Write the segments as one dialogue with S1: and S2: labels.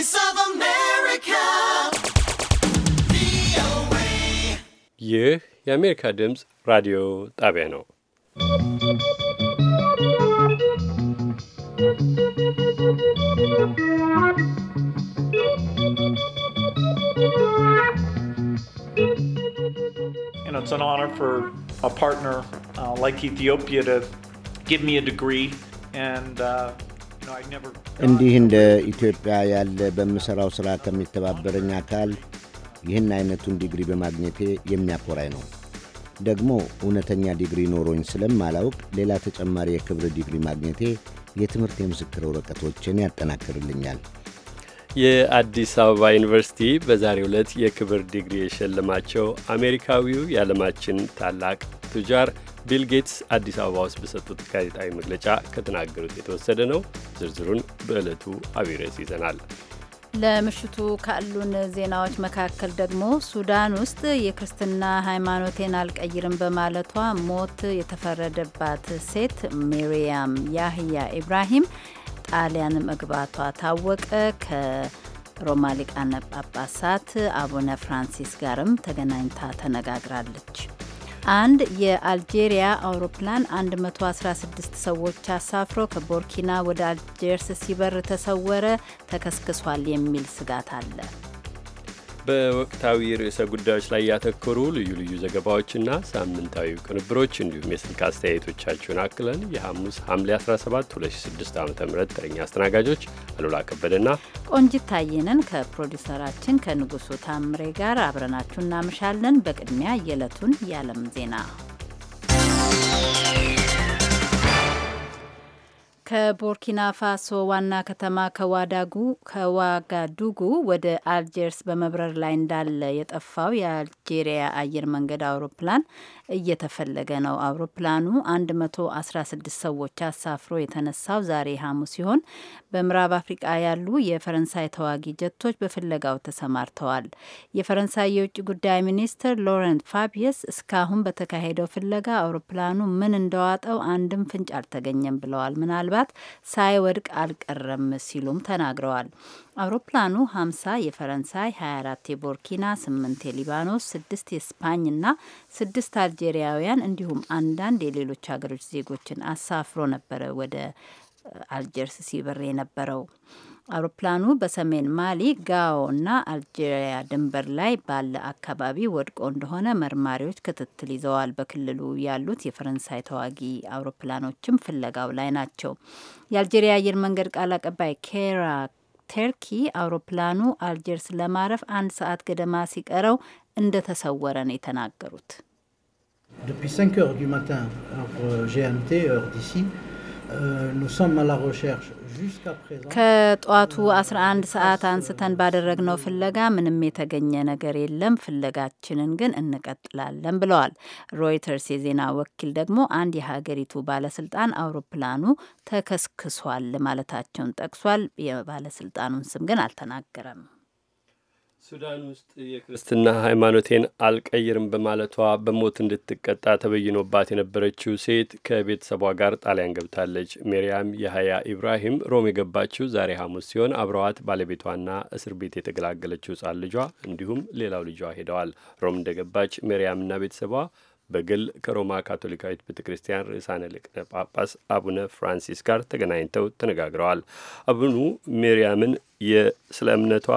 S1: Voice of America.
S2: ይህ የአሜሪካ ድምፅ ራዲዮ ጣቢያ ነው።
S3: You know, it's an honor for a partner uh, like Ethiopia to give me a degree and uh, እንዲህ
S4: እንደ ኢትዮጵያ ያለ በምሠራው ሥራ ከሚተባበረኝ አካል ይህን አይነቱን ዲግሪ በማግኘቴ የሚያኮራኝ ነው። ደግሞ እውነተኛ ዲግሪ ኖሮኝ ስለማላውቅ ሌላ ተጨማሪ የክብር ዲግሪ ማግኘቴ የትምህርት የምስክር ወረቀቶችን ያጠናክርልኛል።
S2: የአዲስ አበባ ዩኒቨርሲቲ በዛሬ ዕለት የክብር ዲግሪ የሸለማቸው አሜሪካዊው የዓለማችን ታላቅ ቱጃር ቢል ጌትስ አዲስ አበባ ውስጥ በሰጡት ጋዜጣዊ መግለጫ ከተናገሩት የተወሰደ ነው። ዝርዝሩን በዕለቱ አብይ ይዘናል።
S5: ለምሽቱ ካሉን ዜናዎች መካከል ደግሞ ሱዳን ውስጥ የክርስትና ሃይማኖቴን አልቀይርም በማለቷ ሞት የተፈረደባት ሴት ሜሪያም ያህያ ኢብራሂም ጣሊያን መግባቷ ታወቀ። ከሮማ ሊቃነ ጳጳሳት አቡነ ፍራንሲስ ጋርም ተገናኝታ ተነጋግራለች። አንድ የአልጄሪያ አውሮፕላን 116 ሰዎች አሳፍሮ ከቦርኪና ወደ አልጀርስ ሲበር ተሰወረ። ተከስክሷል የሚል ስጋት አለ።
S2: በወቅታዊ ርዕሰ ጉዳዮች ላይ ያተኮሩ ልዩ ልዩ ዘገባዎችና ሳምንታዊ ቅንብሮች እንዲሁም የስልክ አስተያየቶቻችሁን አክለን የሐሙስ ሐምሌ 17 2006 ዓ ም ተረኛ አስተናጋጆች አሉላ ከበደና
S5: ቆንጂት ታየንን ከንጉሱ ታምሬ ጋር አብረናችሁ እናመሻለን። በቅድሚያ የዕለቱን የዓለም ዜና ከቦርኪና ፋሶ ዋና ከተማ ከዋዳጉ ከዋጋዱጉ ወደ አልጀርስ በመብረር ላይ እንዳለ የጠፋው የአልጄሪያ አየር መንገድ አውሮፕላን እየተፈለገ ነው። አውሮፕላኑ 116 ሰዎች አሳፍሮ የተነሳው ዛሬ ሐሙስ ሲሆን በምዕራብ አፍሪቃ ያሉ የፈረንሳይ ተዋጊ ጀቶች በፍለጋው ተሰማርተዋል። የፈረንሳይ የውጭ ጉዳይ ሚኒስትር ሎረንት ፋቢየስ እስካሁን በተካሄደው ፍለጋ አውሮፕላኑ ምን እንደዋጠው አንድም ፍንጭ አልተገኘም ብለዋል። ምናልባት ሰዓት ሳይወድቅ አልቀረም ሲሉም ተናግረዋል። አውሮፕላኑ 50 የፈረንሳይ፣ 24 የቦርኪና፣ 8 የሊባኖስ፣ 6 የስፓኝና 6 አልጄሪያውያን እንዲሁም አንዳንድ የሌሎች ሀገሮች ዜጎችን አሳፍሮ ነበረ ወደ አልጀርስ ሲበር የነበረው። አውሮፕላኑ በሰሜን ማሊ ጋዎ እና አልጄሪያ ድንበር ላይ ባለ አካባቢ ወድቆ እንደሆነ መርማሪዎች ክትትል ይዘዋል። በክልሉ ያሉት የፈረንሳይ ተዋጊ አውሮፕላኖችም ፍለጋው ላይ ናቸው። የአልጄሪያ አየር መንገድ ቃል አቀባይ ኬራ ተርኪ አውሮፕላኑ አልጀርስ ለማረፍ አንድ ሰዓት ገደማ ሲቀረው እንደተሰወረ ነው የተናገሩት። ዲሲ ከጧቱ 11 euh, ሰዓት አንስተን ባደረግነው ፍለጋ ምንም የተገኘ ነገር የለም፣ ፍለጋችንን ግን እንቀጥላለን ብለዋል። ሮይተርስ የዜና ወኪል ደግሞ አንድ የሀገሪቱ ባለስልጣን አውሮፕላኑ ተከስክሷል ማለታቸውን ጠቅሷል። የባለስልጣኑን ስም ግን አልተናገረም። ሱዳን ውስጥ የክርስትና
S2: ሃይማኖቴን አልቀይርም በማለቷ በሞት እንድትቀጣ ተበይኖባት የነበረችው ሴት ከቤተሰቧ ጋር ጣሊያን ገብታለች። ሜርያም የሀያ ኢብራሂም ሮም የገባችው ዛሬ ሐሙስ ሲሆን አብረዋት ባለቤቷና እስር ቤት የተገላገለችው ህጻን ልጇ እንዲሁም ሌላው ልጇ ሄደዋል። ሮም እንደገባች ሜሪያምና ቤተሰቧ በግል ከሮማ ካቶሊካዊት ቤተ ክርስቲያን ርዕሳነ ሊቃነ ጳጳስ አቡነ ፍራንሲስ ጋር ተገናኝተው ተነጋግረዋል። አቡኑ ሜርያምን የስለ እምነቷ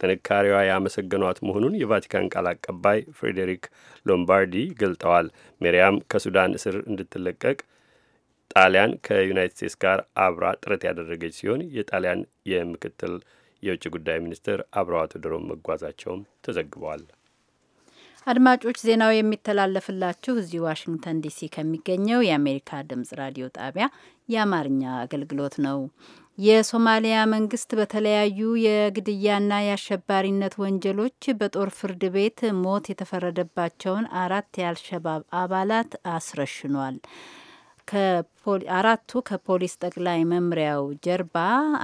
S2: ጥንካሬዋ ያመሰገኗት መሆኑን የቫቲካን ቃል አቀባይ ፍሬዴሪክ ሎምባርዲ ገልጠዋል። ሜሪያም ከሱዳን እስር እንድትለቀቅ ጣሊያን ከዩናይትድ ስቴትስ ጋር አብራ ጥረት ያደረገች ሲሆን የጣሊያን የምክትል የውጭ ጉዳይ ሚኒስትር አብረዋት ድሮ መጓዛቸውም ተዘግበዋል።
S5: አድማጮች ዜናው የሚተላለፍላችሁ እዚህ ዋሽንግተን ዲሲ ከሚገኘው የአሜሪካ ድምጽ ራዲዮ ጣቢያ የአማርኛ አገልግሎት ነው። የሶማሊያ መንግስት በተለያዩ የግድያና የአሸባሪነት ወንጀሎች በጦር ፍርድ ቤት ሞት የተፈረደባቸውን አራት የአልሸባብ አባላት አስረሽኗል። አራቱ ከፖሊስ ጠቅላይ መምሪያው ጀርባ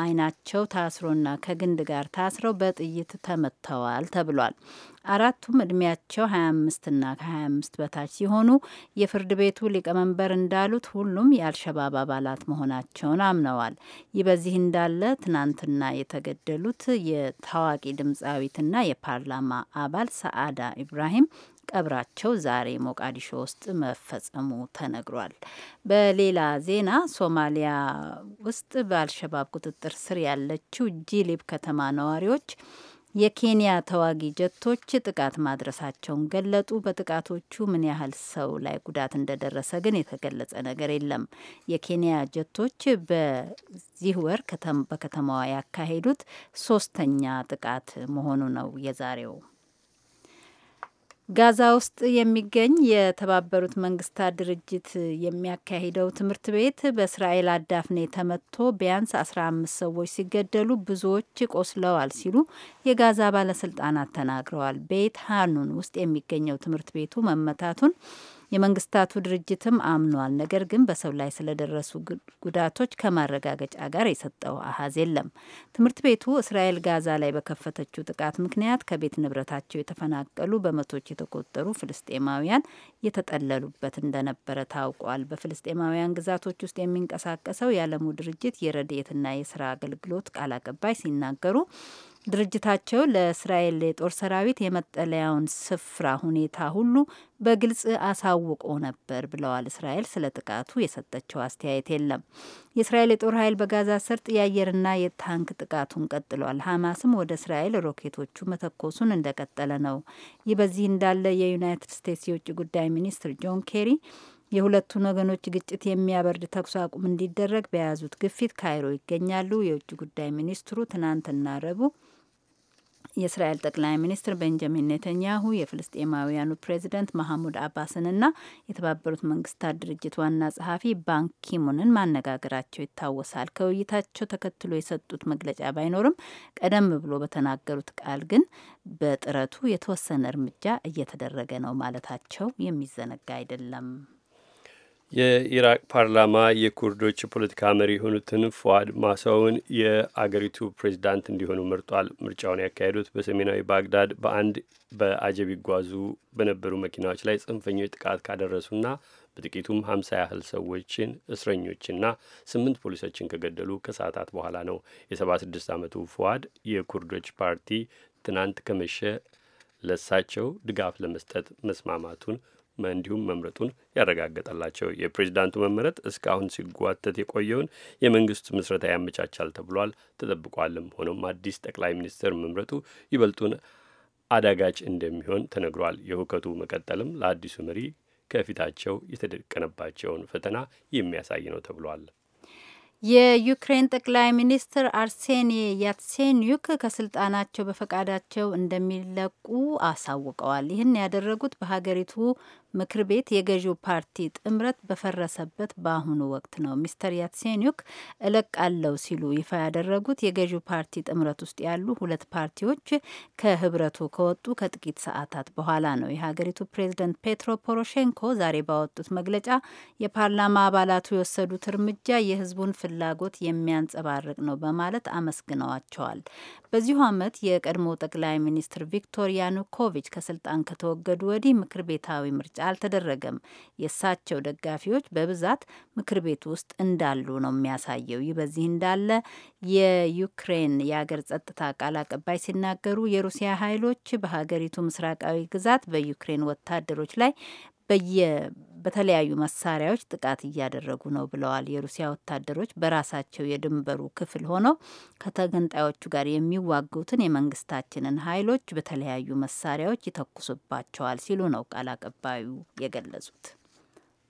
S5: አይናቸው ታስሮና ከግንድ ጋር ታስረው በጥይት ተመተዋል ተብሏል። አራቱም እድሜያቸው 25ና ከ25 በታች ሲሆኑ የፍርድ ቤቱ ሊቀመንበር እንዳሉት ሁሉም የአልሸባብ አባላት መሆናቸውን አምነዋል። ይህ በዚህ እንዳለ ትናንትና የተገደሉት የታዋቂ ድምፃዊትና የፓርላማ አባል ሰአዳ ኢብራሂም ቀብራቸው ዛሬ ሞቃዲሾ ውስጥ መፈጸሙ ተነግሯል። በሌላ ዜና ሶማሊያ ውስጥ በአልሸባብ ቁጥጥር ስር ያለችው ጂሊብ ከተማ ነዋሪዎች የኬንያ ተዋጊ ጀቶች ጥቃት ማድረሳቸውን ገለጡ። በጥቃቶቹ ምን ያህል ሰው ላይ ጉዳት እንደደረሰ ግን የተገለጸ ነገር የለም። የኬንያ ጀቶች በዚህ ወር በከተማዋ ያካሄዱት ሶስተኛ ጥቃት መሆኑ ነው የዛሬው። ጋዛ ውስጥ የሚገኝ የተባበሩት መንግስታት ድርጅት የሚያካሂደው ትምህርት ቤት በእስራኤል አዳፍኔ ተመትቶ ቢያንስ 15 ሰዎች ሲገደሉ ብዙዎች ቆስለዋል ሲሉ የጋዛ ባለስልጣናት ተናግረዋል። ቤት ሃኑን ውስጥ የሚገኘው ትምህርት ቤቱ መመታቱን የመንግስታቱ ድርጅትም አምኗል። ነገር ግን በሰው ላይ ስለደረሱ ጉዳቶች ከማረጋገጫ ጋር የሰጠው አሀዝ የለም። ትምህርት ቤቱ እስራኤል ጋዛ ላይ በከፈተችው ጥቃት ምክንያት ከቤት ንብረታቸው የተፈናቀሉ በመቶች የተቆጠሩ ፍልስጤማውያን የተጠለሉበት እንደነበረ ታውቋል። በፍልስጤማውያን ግዛቶች ውስጥ የሚንቀሳቀሰው የዓለሙ ድርጅት የረድኤትና የስራ አገልግሎት ቃል አቀባይ ሲናገሩ ድርጅታቸው ለእስራኤል የጦር ሰራዊት የመጠለያውን ስፍራ ሁኔታ ሁሉ በግልጽ አሳውቆ ነበር ብለዋል። እስራኤል ስለ ጥቃቱ የሰጠችው አስተያየት የለም። የእስራኤል የጦር ኃይል በጋዛ ሰርጥ የአየርና የታንክ ጥቃቱን ቀጥሏል። ሐማስም ወደ እስራኤል ሮኬቶቹ መተኮሱን እንደቀጠለ ነው። ይህ በዚህ እንዳለ የዩናይትድ ስቴትስ የውጭ ጉዳይ ሚኒስትር ጆን ኬሪ የሁለቱን ወገኖች ግጭት የሚያበርድ ተኩስ አቁም እንዲደረግ በያዙት ግፊት ካይሮ ይገኛሉ። የውጭ ጉዳይ ሚኒስትሩ ትናንትና ረቡዕ የእስራኤል ጠቅላይ ሚኒስትር ቤንጃሚን ኔተንያሁ የፍልስጤማውያኑ ፕሬዚደንት መሐሙድ አባስንና የተባበሩት መንግስታት ድርጅት ዋና ጸሐፊ ባንኪሙንን ማነጋገራቸው ይታወሳል። ከውይይታቸው ተከትሎ የሰጡት መግለጫ ባይኖርም ቀደም ብሎ በተናገሩት ቃል ግን በጥረቱ የተወሰነ እርምጃ እየተደረገ ነው ማለታቸው የሚዘነጋ አይደለም።
S2: የኢራቅ ፓርላማ የኩርዶች የፖለቲካ መሪ የሆኑትን ፏድ ማሳውን የአገሪቱ ፕሬዚዳንት እንዲሆኑ መርጧል። ምርጫውን ያካሄዱት በሰሜናዊ ባግዳድ በአንድ በአጀብ ይጓዙ በነበሩ መኪናዎች ላይ ጽንፈኞች ጥቃት ካደረሱና በጥቂቱም ሀምሳ ያህል ሰዎችን እስረኞችና ስምንት ፖሊሶችን ከገደሉ ከሰዓታት በኋላ ነው። የሰባ ስድስት ዓመቱ ፏድ የኩርዶች ፓርቲ ትናንት ከመሸ ለሳቸው ድጋፍ ለመስጠት መስማማቱን እንዲሁም መምረጡን ያረጋገጠላቸው። የፕሬዚዳንቱ መመረጥ እስካሁን ሲጓተት የቆየውን የመንግስት ምስረታ ያመቻቻል ተብሏል ተጠብቋልም። ሆኖም አዲስ ጠቅላይ ሚኒስትር መምረጡ ይበልጡን አዳጋች እንደሚሆን ተነግሯል። የሁከቱ መቀጠልም ለአዲሱ መሪ ከፊታቸው የተደቀነባቸውን ፈተና የሚያሳይ ነው ተብሏል።
S5: የዩክሬን ጠቅላይ ሚኒስትር አርሴኒ ያትሴኒዩክ ከስልጣናቸው በፈቃዳቸው እንደሚለቁ አሳውቀዋል። ይህን ያደረጉት በሀገሪቱ ምክር ቤት የገዢው ፓርቲ ጥምረት በፈረሰበት በአሁኑ ወቅት ነው ሚስተር ያትሴኒክ እለቃለው ሲሉ ይፋ ያደረጉት። የገዢው ፓርቲ ጥምረት ውስጥ ያሉ ሁለት ፓርቲዎች ከህብረቱ ከወጡ ከጥቂት ሰዓታት በኋላ ነው። የሀገሪቱ ፕሬዝደንት ፔትሮ ፖሮሼንኮ ዛሬ ባወጡት መግለጫ የፓርላማ አባላቱ የወሰዱት እርምጃ የህዝቡን ፍላጎት የሚያንጸባርቅ ነው በማለት አመስግነዋቸዋል። በዚሁ ዓመት የቀድሞ ጠቅላይ ሚኒስትር ቪክቶር ያኑኮቪች ከስልጣን ከተወገዱ ወዲህ ምክር ቤታዊ ምርጫ ምርጫ አልተደረገም። የእሳቸው ደጋፊዎች በብዛት ምክር ቤት ውስጥ እንዳሉ ነው የሚያሳየው። ይህ በዚህ እንዳለ የዩክሬን የአገር ጸጥታ ቃል አቀባይ ሲናገሩ የሩሲያ ኃይሎች በሀገሪቱ ምስራቃዊ ግዛት በዩክሬን ወታደሮች ላይ በየ በተለያዩ መሳሪያዎች ጥቃት እያደረጉ ነው ብለዋል። የሩሲያ ወታደሮች በራሳቸው የድንበሩ ክፍል ሆነው ከተገንጣዮቹ ጋር የሚዋጉትን የመንግስታችንን ኃይሎች በተለያዩ መሳሪያዎች ይተኩሱባቸዋል ሲሉ ነው ቃል አቀባዩ የገለጹት።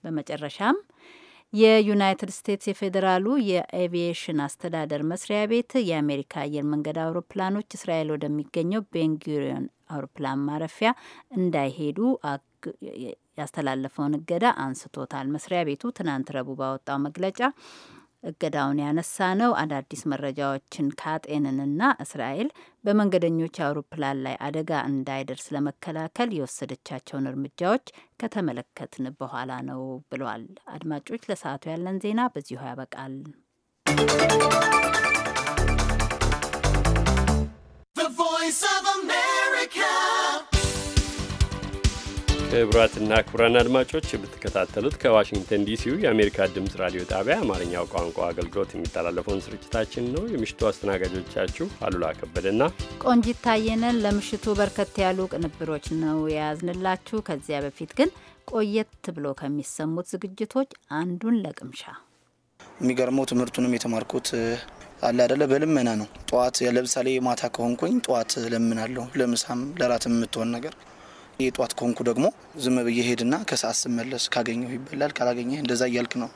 S5: በመጨረሻም የዩናይትድ ስቴትስ የፌዴራሉ የኤቪዬሽን አስተዳደር መስሪያ ቤት የአሜሪካ አየር መንገድ አውሮፕላኖች እስራኤል ወደሚገኘው ቤንጉሪዮን አውሮፕላን ማረፊያ እንዳይሄዱ ያስተላለፈውን እገዳ አንስቶታል። መስሪያ ቤቱ ትናንት ረቡዕ ባወጣው መግለጫ እገዳውን ያነሳ ነው አዳዲስ መረጃዎችን ካጤንንና እስራኤል በመንገደኞች አውሮፕላን ላይ አደጋ እንዳይደርስ ለመከላከል የወሰደቻቸውን እርምጃዎች ከተመለከትን በኋላ ነው ብሏል። አድማጮች፣ ለሰዓቱ ያለን ዜና በዚሁ ያበቃል።
S2: ክቡራትና ክቡራን አድማጮች የምትከታተሉት ከዋሽንግተን ዲሲው የአሜሪካ ድምፅ ራዲዮ ጣቢያ አማርኛው ቋንቋ አገልግሎት የሚተላለፈውን ስርጭታችን ነው። የምሽቱ አስተናጋጆቻችሁ አሉላ ከበደና
S5: ቆንጂት ታየነን ለምሽቱ በርከት ያሉ ቅንብሮች ነው የያዝንላችሁ። ከዚያ በፊት ግን ቆየት ብሎ ከሚሰሙት ዝግጅቶች አንዱን ለቅምሻ
S6: የሚገርመው ትምህርቱንም የተማርኩት አለ አደለ፣ በልመና ነው። ጠዋት ለምሳሌ ማታ ከሆንኩኝ ጠዋት ለምናለሁ፣ ለምሳም ለራትም የምትሆን ነገር የጧት ኮንኩ ደግሞ ዝም ብዬ ሄድና ከሰዓት ስመለስ ካገኘሁ ይበላል፣ ካላገኘ እንደዛ እያልክ ነው።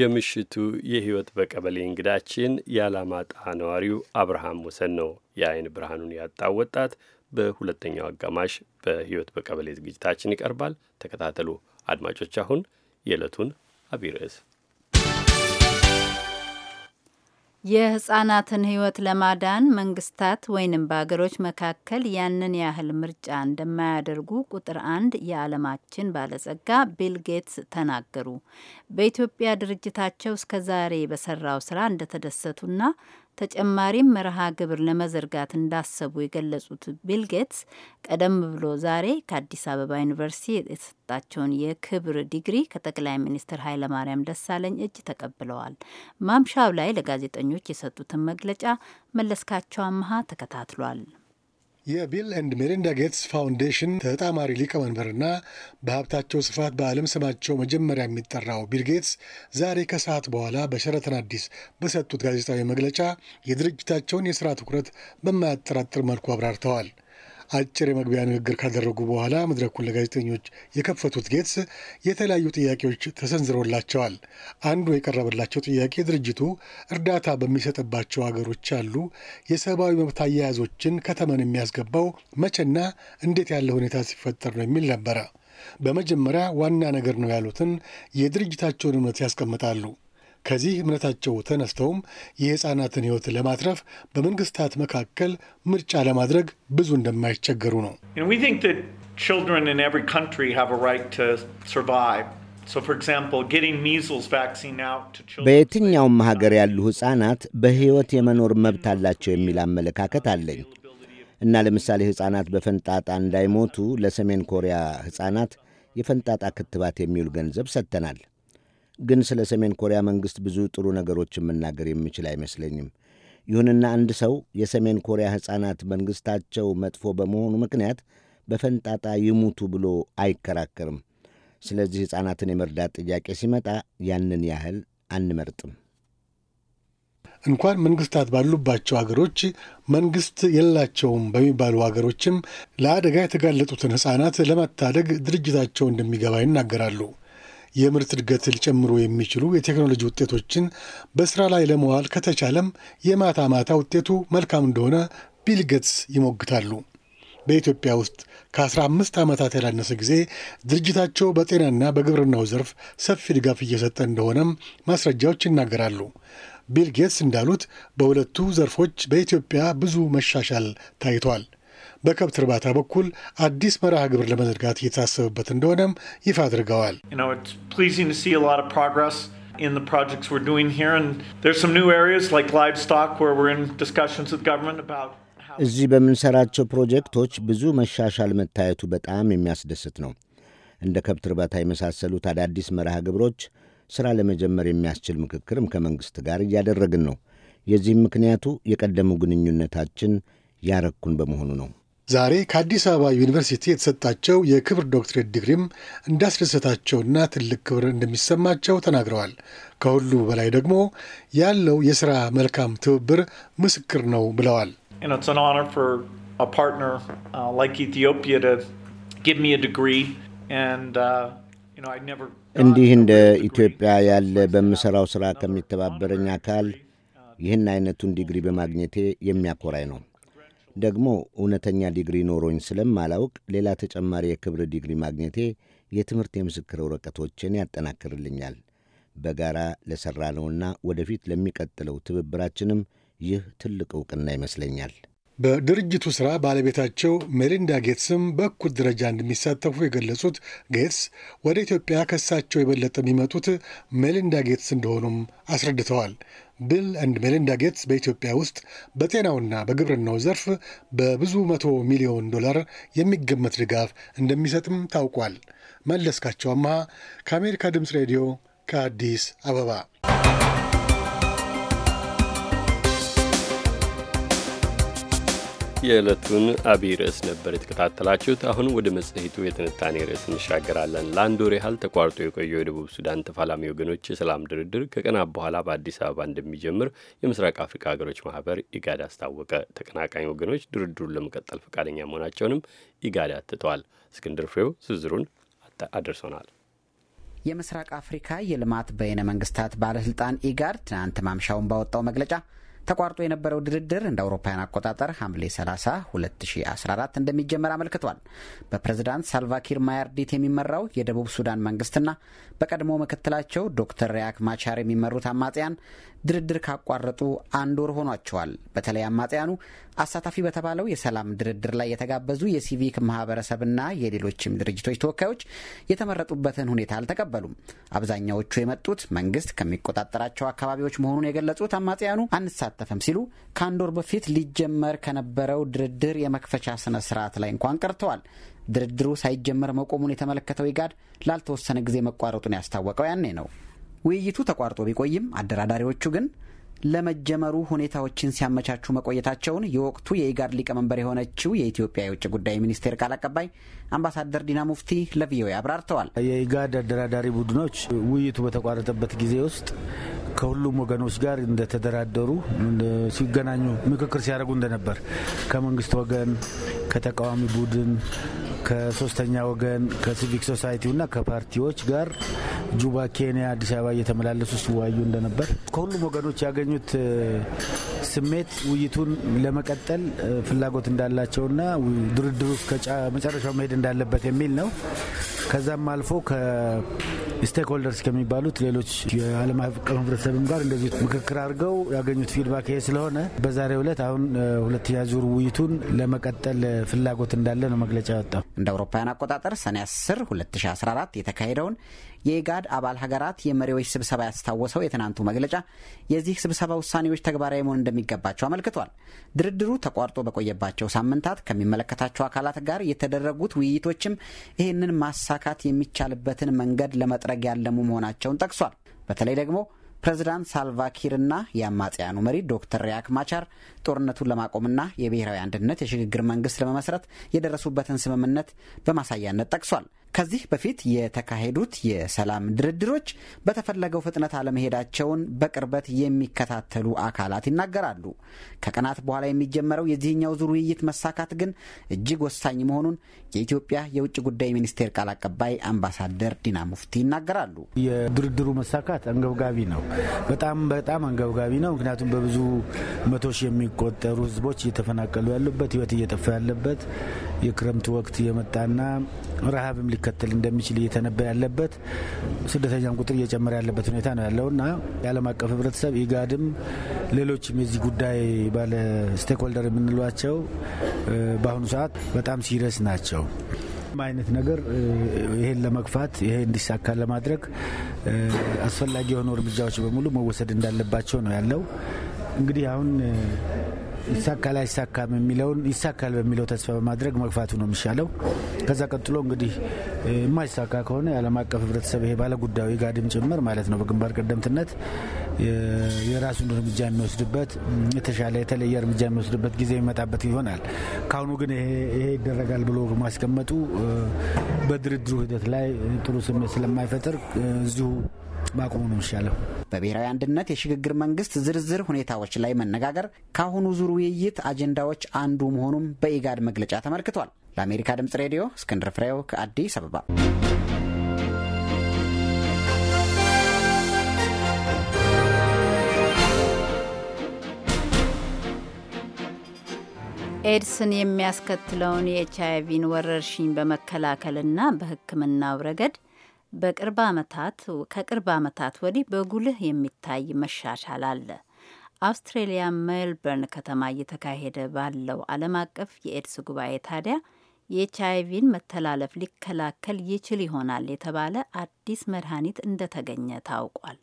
S2: የምሽቱ የህይወት በቀበሌ እንግዳችን የአላማጣ ነዋሪው አብርሃም ወሰን ነው። የአይን ብርሃኑን ያጣው ወጣት በሁለተኛው አጋማሽ በህይወት በቀበሌ ዝግጅታችን ይቀርባል። ተከታተሉ አድማጮች። አሁን የዕለቱን አብይ ርዕስ
S5: የህጻናትን ህይወት ለማዳን መንግስታት ወይንም በሀገሮች መካከል ያንን ያህል ምርጫ እንደማያደርጉ ቁጥር አንድ የዓለማችን ባለጸጋ ቢል ጌትስ ተናገሩ። በኢትዮጵያ ድርጅታቸው እስከ ዛሬ በሰራው ስራ እንደተደሰቱና ተጨማሪም መርሃ ግብር ለመዘርጋት እንዳሰቡ የገለጹት ቢል ጌትስ ቀደም ብሎ ዛሬ ከአዲስ አበባ ዩኒቨርሲቲ የተሰጣቸውን የክብር ዲግሪ ከጠቅላይ ሚኒስትር ኃይለማርያም ደሳለኝ እጅ ተቀብለዋል። ማምሻው ላይ ለጋዜጠኞች የሰጡትን መግለጫ መለስካቸው አመሃ ተከታትሏል።
S7: የቢል ኤንድ ሜሊንዳ ጌትስ ፋውንዴሽን ተጣማሪ ሊቀመንበርና በሀብታቸው ስፋት በዓለም ስማቸው መጀመሪያ የሚጠራው ቢል ጌትስ ዛሬ ከሰዓት በኋላ በሸረተን አዲስ በሰጡት ጋዜጣዊ መግለጫ የድርጅታቸውን የሥራ ትኩረት በማያጠራጥር መልኩ አብራርተዋል። አጭር የመግቢያ ንግግር ካደረጉ በኋላ መድረኩን ለጋዜጠኞች የከፈቱት ጌትስ የተለያዩ ጥያቄዎች ተሰንዝሮላቸዋል። አንዱ የቀረበላቸው ጥያቄ ድርጅቱ እርዳታ በሚሰጥባቸው ሀገሮች ያሉ የሰብአዊ መብት አያያዞችን ከተመን የሚያስገባው መቼና እንዴት ያለ ሁኔታ ሲፈጠር ነው የሚል ነበረ። በመጀመሪያ ዋና ነገር ነው ያሉትን የድርጅታቸውን እምነት ያስቀምጣሉ። ከዚህ እምነታቸው ተነስተውም የሕፃናትን ሕይወት ለማትረፍ በመንግስታት መካከል ምርጫ ለማድረግ ብዙ እንደማይቸገሩ ነው።
S4: በየትኛውም ሀገር ያሉ ሕፃናት በሕይወት የመኖር መብት አላቸው የሚል አመለካከት አለኝ እና ለምሳሌ ሕፃናት በፈንጣጣ እንዳይሞቱ ለሰሜን ኮሪያ ሕፃናት የፈንጣጣ ክትባት የሚውል ገንዘብ ሰጥተናል። ግን ስለ ሰሜን ኮሪያ መንግሥት ብዙ ጥሩ ነገሮችን መናገር የምችል አይመስለኝም። ይሁንና አንድ ሰው የሰሜን ኮሪያ ሕፃናት መንግሥታቸው መጥፎ በመሆኑ ምክንያት በፈንጣጣ ይሙቱ ብሎ አይከራከርም። ስለዚህ ሕፃናትን የመርዳት ጥያቄ ሲመጣ ያንን ያህል አንመርጥም።
S7: እንኳን መንግስታት ባሉባቸው አገሮች መንግስት የላቸውም በሚባሉ አገሮችም ለአደጋ የተጋለጡትን ሕፃናት ለመታደግ ድርጅታቸው እንደሚገባ ይናገራሉ። የምርት እድገት ሊጨምሩ የሚችሉ የቴክኖሎጂ ውጤቶችን በስራ ላይ ለመዋል ከተቻለም የማታ ማታ ውጤቱ መልካም እንደሆነ ቢል ጌትስ ይሞግታሉ። በኢትዮጵያ ውስጥ ከ15 ዓመታት ያላነሰ ጊዜ ድርጅታቸው በጤናና በግብርናው ዘርፍ ሰፊ ድጋፍ እየሰጠ እንደሆነም ማስረጃዎች ይናገራሉ። ቢል ጌትስ እንዳሉት በሁለቱ ዘርፎች በኢትዮጵያ ብዙ መሻሻል ታይቷል። በከብት እርባታ በኩል አዲስ መርሃ ግብር ለመዘርጋት እየታሰበበት እንደሆነም ይፋ አድርገዋል።
S4: እዚህ በምንሰራቸው ፕሮጀክቶች ብዙ መሻሻል መታየቱ በጣም የሚያስደስት ነው። እንደ ከብት እርባታ የመሳሰሉት አዳዲስ መርሃ ግብሮች ሥራ ለመጀመር የሚያስችል ምክክርም ከመንግሥት ጋር እያደረግን ነው። የዚህም ምክንያቱ የቀደመው ግንኙነታችን ያረኩን በመሆኑ ነው።
S7: ዛሬ ከአዲስ አበባ ዩኒቨርሲቲ የተሰጣቸው የክብር ዶክትሬት ዲግሪም እንዳስደሰታቸውና ትልቅ ክብር እንደሚሰማቸው ተናግረዋል። ከሁሉ በላይ ደግሞ ያለው የሥራ መልካም ትብብር ምስክር ነው ብለዋል።
S3: uh, uh,
S4: እንዲህ እንደ ኢትዮጵያ ያለ በምሠራው ሥራ ከሚተባበረኝ አካል ይህን አይነቱን ዲግሪ በማግኘቴ የሚያኮራኝ ነው። ደግሞ እውነተኛ ዲግሪ ኖሮኝ ስለማላውቅ ሌላ ተጨማሪ የክብር ዲግሪ ማግኘቴ የትምህርት የምስክር ወረቀቶችን ያጠናክርልኛል። በጋራ ለሠራነውና ወደፊት ለሚቀጥለው ትብብራችንም ይህ ትልቅ ዕውቅና ይመስለኛል።
S7: በድርጅቱ ሥራ ባለቤታቸው ሜሊንዳ ጌትስም በእኩል ደረጃ እንደሚሳተፉ የገለጹት ጌትስ ወደ ኢትዮጵያ ከሳቸው የበለጠ የሚመጡት ሜሊንዳ ጌትስ እንደሆኑም አስረድተዋል። ቢል ኤንድ ሜሊንዳ ጌትስ በኢትዮጵያ ውስጥ በጤናውና በግብርናው ዘርፍ በብዙ መቶ ሚሊዮን ዶላር የሚገመት ድጋፍ እንደሚሰጥም ታውቋል። መለስካቸው አማሃ ከአሜሪካ ድምፅ ሬዲዮ ከአዲስ አበባ
S2: የዕለቱን አብይ ርዕስ ነበር የተከታተላችሁት። አሁን ወደ መጽሔቱ የትንታኔ ርዕስ እንሻገራለን። ለአንድ ወር ያህል ተቋርጦ የቆየው የደቡብ ሱዳን ተፋላሚ ወገኖች የሰላም ድርድር ከቀናት በኋላ በአዲስ አበባ እንደሚጀምር የምስራቅ አፍሪካ ሀገሮች ማህበር ኢጋድ አስታወቀ። ተቀናቃኝ ወገኖች ድርድሩን ለመቀጠል ፈቃደኛ መሆናቸውንም ኢጋድ አትተዋል። እስክንድር ፍሬው ዝርዝሩን አድርሶናል።
S8: የምስራቅ አፍሪካ የልማት በይነ መንግስታት ባለስልጣን ኢጋድ ትናንት ማምሻውን ባወጣው መግለጫ ተቋርጦ የነበረው ድርድር እንደ አውሮፓውያን አቆጣጠር ሐምሌ 30 2014 እንደሚጀመር አመልክቷል። በፕሬዝዳንት ሳልቫኪር ማያርዲት የሚመራው የደቡብ ሱዳን መንግስትና በቀድሞ ምክትላቸው ዶክተር ሪያክ ማቻር የሚመሩት አማጽያን ድርድር ካቋረጡ አንድ ወር ሆኗቸዋል። በተለይ አማጽያኑ አሳታፊ በተባለው የሰላም ድርድር ላይ የተጋበዙ የሲቪክ ማህበረሰብና የሌሎችም ድርጅቶች ተወካዮች የተመረጡበትን ሁኔታ አልተቀበሉም። አብዛኛዎቹ የመጡት መንግስት ከሚቆጣጠራቸው አካባቢዎች መሆኑን የገለጹት አማጽያኑ አንሳተፍም ሲሉ ከአንድ ወር በፊት ሊጀመር ከነበረው ድርድር የመክፈቻ ስነ ስርዓት ላይ እንኳን ቀርተዋል። ድርድሩ ሳይጀመር መቆሙን የተመለከተው ኢጋድ ላልተወሰነ ጊዜ መቋረጡን ያስታወቀው ያኔ ነው። ውይይቱ ተቋርጦ ቢቆይም አደራዳሪዎቹ ግን ለመጀመሩ ሁኔታዎችን ሲያመቻቹ መቆየታቸውን የወቅቱ የኢጋድ ሊቀመንበር የሆነችው የኢትዮጵያ የውጭ ጉዳይ ሚኒስቴር ቃል አቀባይ አምባሳደር ዲና ሙፍቲ ለቪኦኤ አብራርተዋል። የኢጋድ አደራዳሪ ቡድኖች ውይይቱ በተቋረጠበት ጊዜ ውስጥ ከሁሉም
S9: ወገኖች ጋር እንደተደራደሩ ሲገናኙ ምክክር ሲያደርጉ እንደነበር ከመንግስት ወገን፣ ከተቃዋሚ ቡድን፣ ከሶስተኛ ወገን፣ ከሲቪክ ሶሳይቲውና ከፓርቲዎች ጋር ጁባ፣ ኬንያ፣ አዲስ አበባ እየተመላለሱ ሲወያዩ እንደነበር ከሁሉም ወገኖች ያገኙት ስሜት ውይይቱን ለመቀጠል ፍላጎት እንዳላቸውና ድርድሩ እስከ መጨረሻው መሄድ እንዳለበት የሚል ነው። ከዛም አልፎ ከስቴክሆልደርስ ከሚባሉት ሌሎች የዓለም አቀፍ ህብረተሰብም ጋር እንደዚህ ምክክር አድርገው ያገኙት ፊድባክ ይሄ ስለሆነ በዛሬው ዕለት አሁን ሁለተኛ ዙር ውይይቱን ለመቀጠል ፍላጎት እንዳለ ነው መግለጫ ያወጣው።
S8: እንደ አውሮፓውያን አቆጣጠር ሰኔ 10 2014 የተካሄደውን የኢጋድ አባል ሀገራት የመሪዎች ስብሰባ ያስታወሰው የትናንቱ መግለጫ የዚህ ስብሰባ ውሳኔዎች ተግባራዊ መሆን እንደሚገባቸው አመልክቷል። ድርድሩ ተቋርጦ በቆየባቸው ሳምንታት ከሚመለከታቸው አካላት ጋር የተደረጉት ውይይቶችም ይህንን ማሳካት የሚቻልበትን መንገድ ለመጥረግ ያለሙ መሆናቸውን ጠቅሷል። በተለይ ደግሞ ፕሬዝዳንት ሳልቫኪርና የአማጽያኑ መሪ ዶክተር ሪያክ ማቻር ጦርነቱን ለማቆምና የብሔራዊ አንድነት የሽግግር መንግስት ለመመስረት የደረሱበትን ስምምነት በማሳያነት ጠቅሷል። ከዚህ በፊት የተካሄዱት የሰላም ድርድሮች በተፈለገው ፍጥነት አለመሄዳቸውን በቅርበት የሚከታተሉ አካላት ይናገራሉ። ከቀናት በኋላ የሚጀመረው የዚህኛው ዙር ውይይት መሳካት ግን እጅግ ወሳኝ መሆኑን የኢትዮጵያ የውጭ ጉዳይ ሚኒስቴር ቃል አቀባይ አምባሳደር ዲና ሙፍቲ ይናገራሉ።
S9: የድርድሩ መሳካት አንገብጋቢ ነው። በጣም በጣም አንገብጋቢ ነው። ምክንያቱም በብዙ መቶ ሺህ የሚቆጠሩ ህዝቦች እየተፈናቀሉ ያሉበት፣ ህይወት እየጠፋ ያለበት የክረምት ወቅት የመጣና ረሃብም ሊከተል እንደሚችል እየተነበየ ያለበት ስደተኛም ቁጥር እየጨመረ ያለበት ሁኔታ ነው ያለውና የዓለም አቀፍ ህብረተሰብ ኢጋድም፣ ሌሎችም የዚህ ጉዳይ ባለ ስቴክሆልደር የምንሏቸው በአሁኑ ሰዓት በጣም ሲሪየስ ናቸው። ያለው አይነት ነገር ይሄን ለመግፋት ይሄ እንዲሳካ ለማድረግ አስፈላጊ የሆኑ እርምጃዎች በሙሉ መወሰድ እንዳለባቸው ነው ያለው። እንግዲህ አሁን ይሳካል አይሳካም የሚለውን ይሳካል በሚለው ተስፋ በማድረግ መግፋቱ ነው የሚሻለው። ከዛ ቀጥሎ እንግዲህ የማይሳካ ከሆነ የዓለም አቀፍ ህብረተሰብ ይሄ ባለጉዳዩ ጋድም ጭምር ማለት ነው በግንባር ቀደምትነት የራሱን እርምጃ የሚወስድበት የተሻለ የተለየ እርምጃ የሚወስድበት ጊዜ የሚመጣበት ይሆናል። ከአሁኑ ግን ይሄ ይደረጋል ብሎ ማስቀመጡ በድርድሩ ሂደት ላይ
S8: ጥሩ ስሜት ስለማይፈጥር እዚሁ ማቆሙ ነው ይሻለው። በብሔራዊ አንድነት የሽግግር መንግስት ዝርዝር ሁኔታዎች ላይ መነጋገር ከአሁኑ ዙር ውይይት አጀንዳዎች አንዱ መሆኑም በኢጋድ መግለጫ ተመልክቷል። ለአሜሪካ ድምጽ ሬዲዮ እስክንድር ፍሬው ከአዲስ አበባ።
S5: ኤድስን የሚያስከትለውን የኤች አይቪን ወረርሽኝ በመከላከልና በሕክምናው ረገድ በቅርብ ዓመታት ከቅርብ ዓመታት ወዲህ በጉልህ የሚታይ መሻሻል አለ። አውስትሬሊያ ሜልበርን ከተማ እየተካሄደ ባለው ዓለም አቀፍ የኤድስ ጉባኤ ታዲያ የኤች አይቪን መተላለፍ ሊከላከል ይችል ይሆናል የተባለ አዲስ መድኃኒት እንደተገኘ ታውቋል።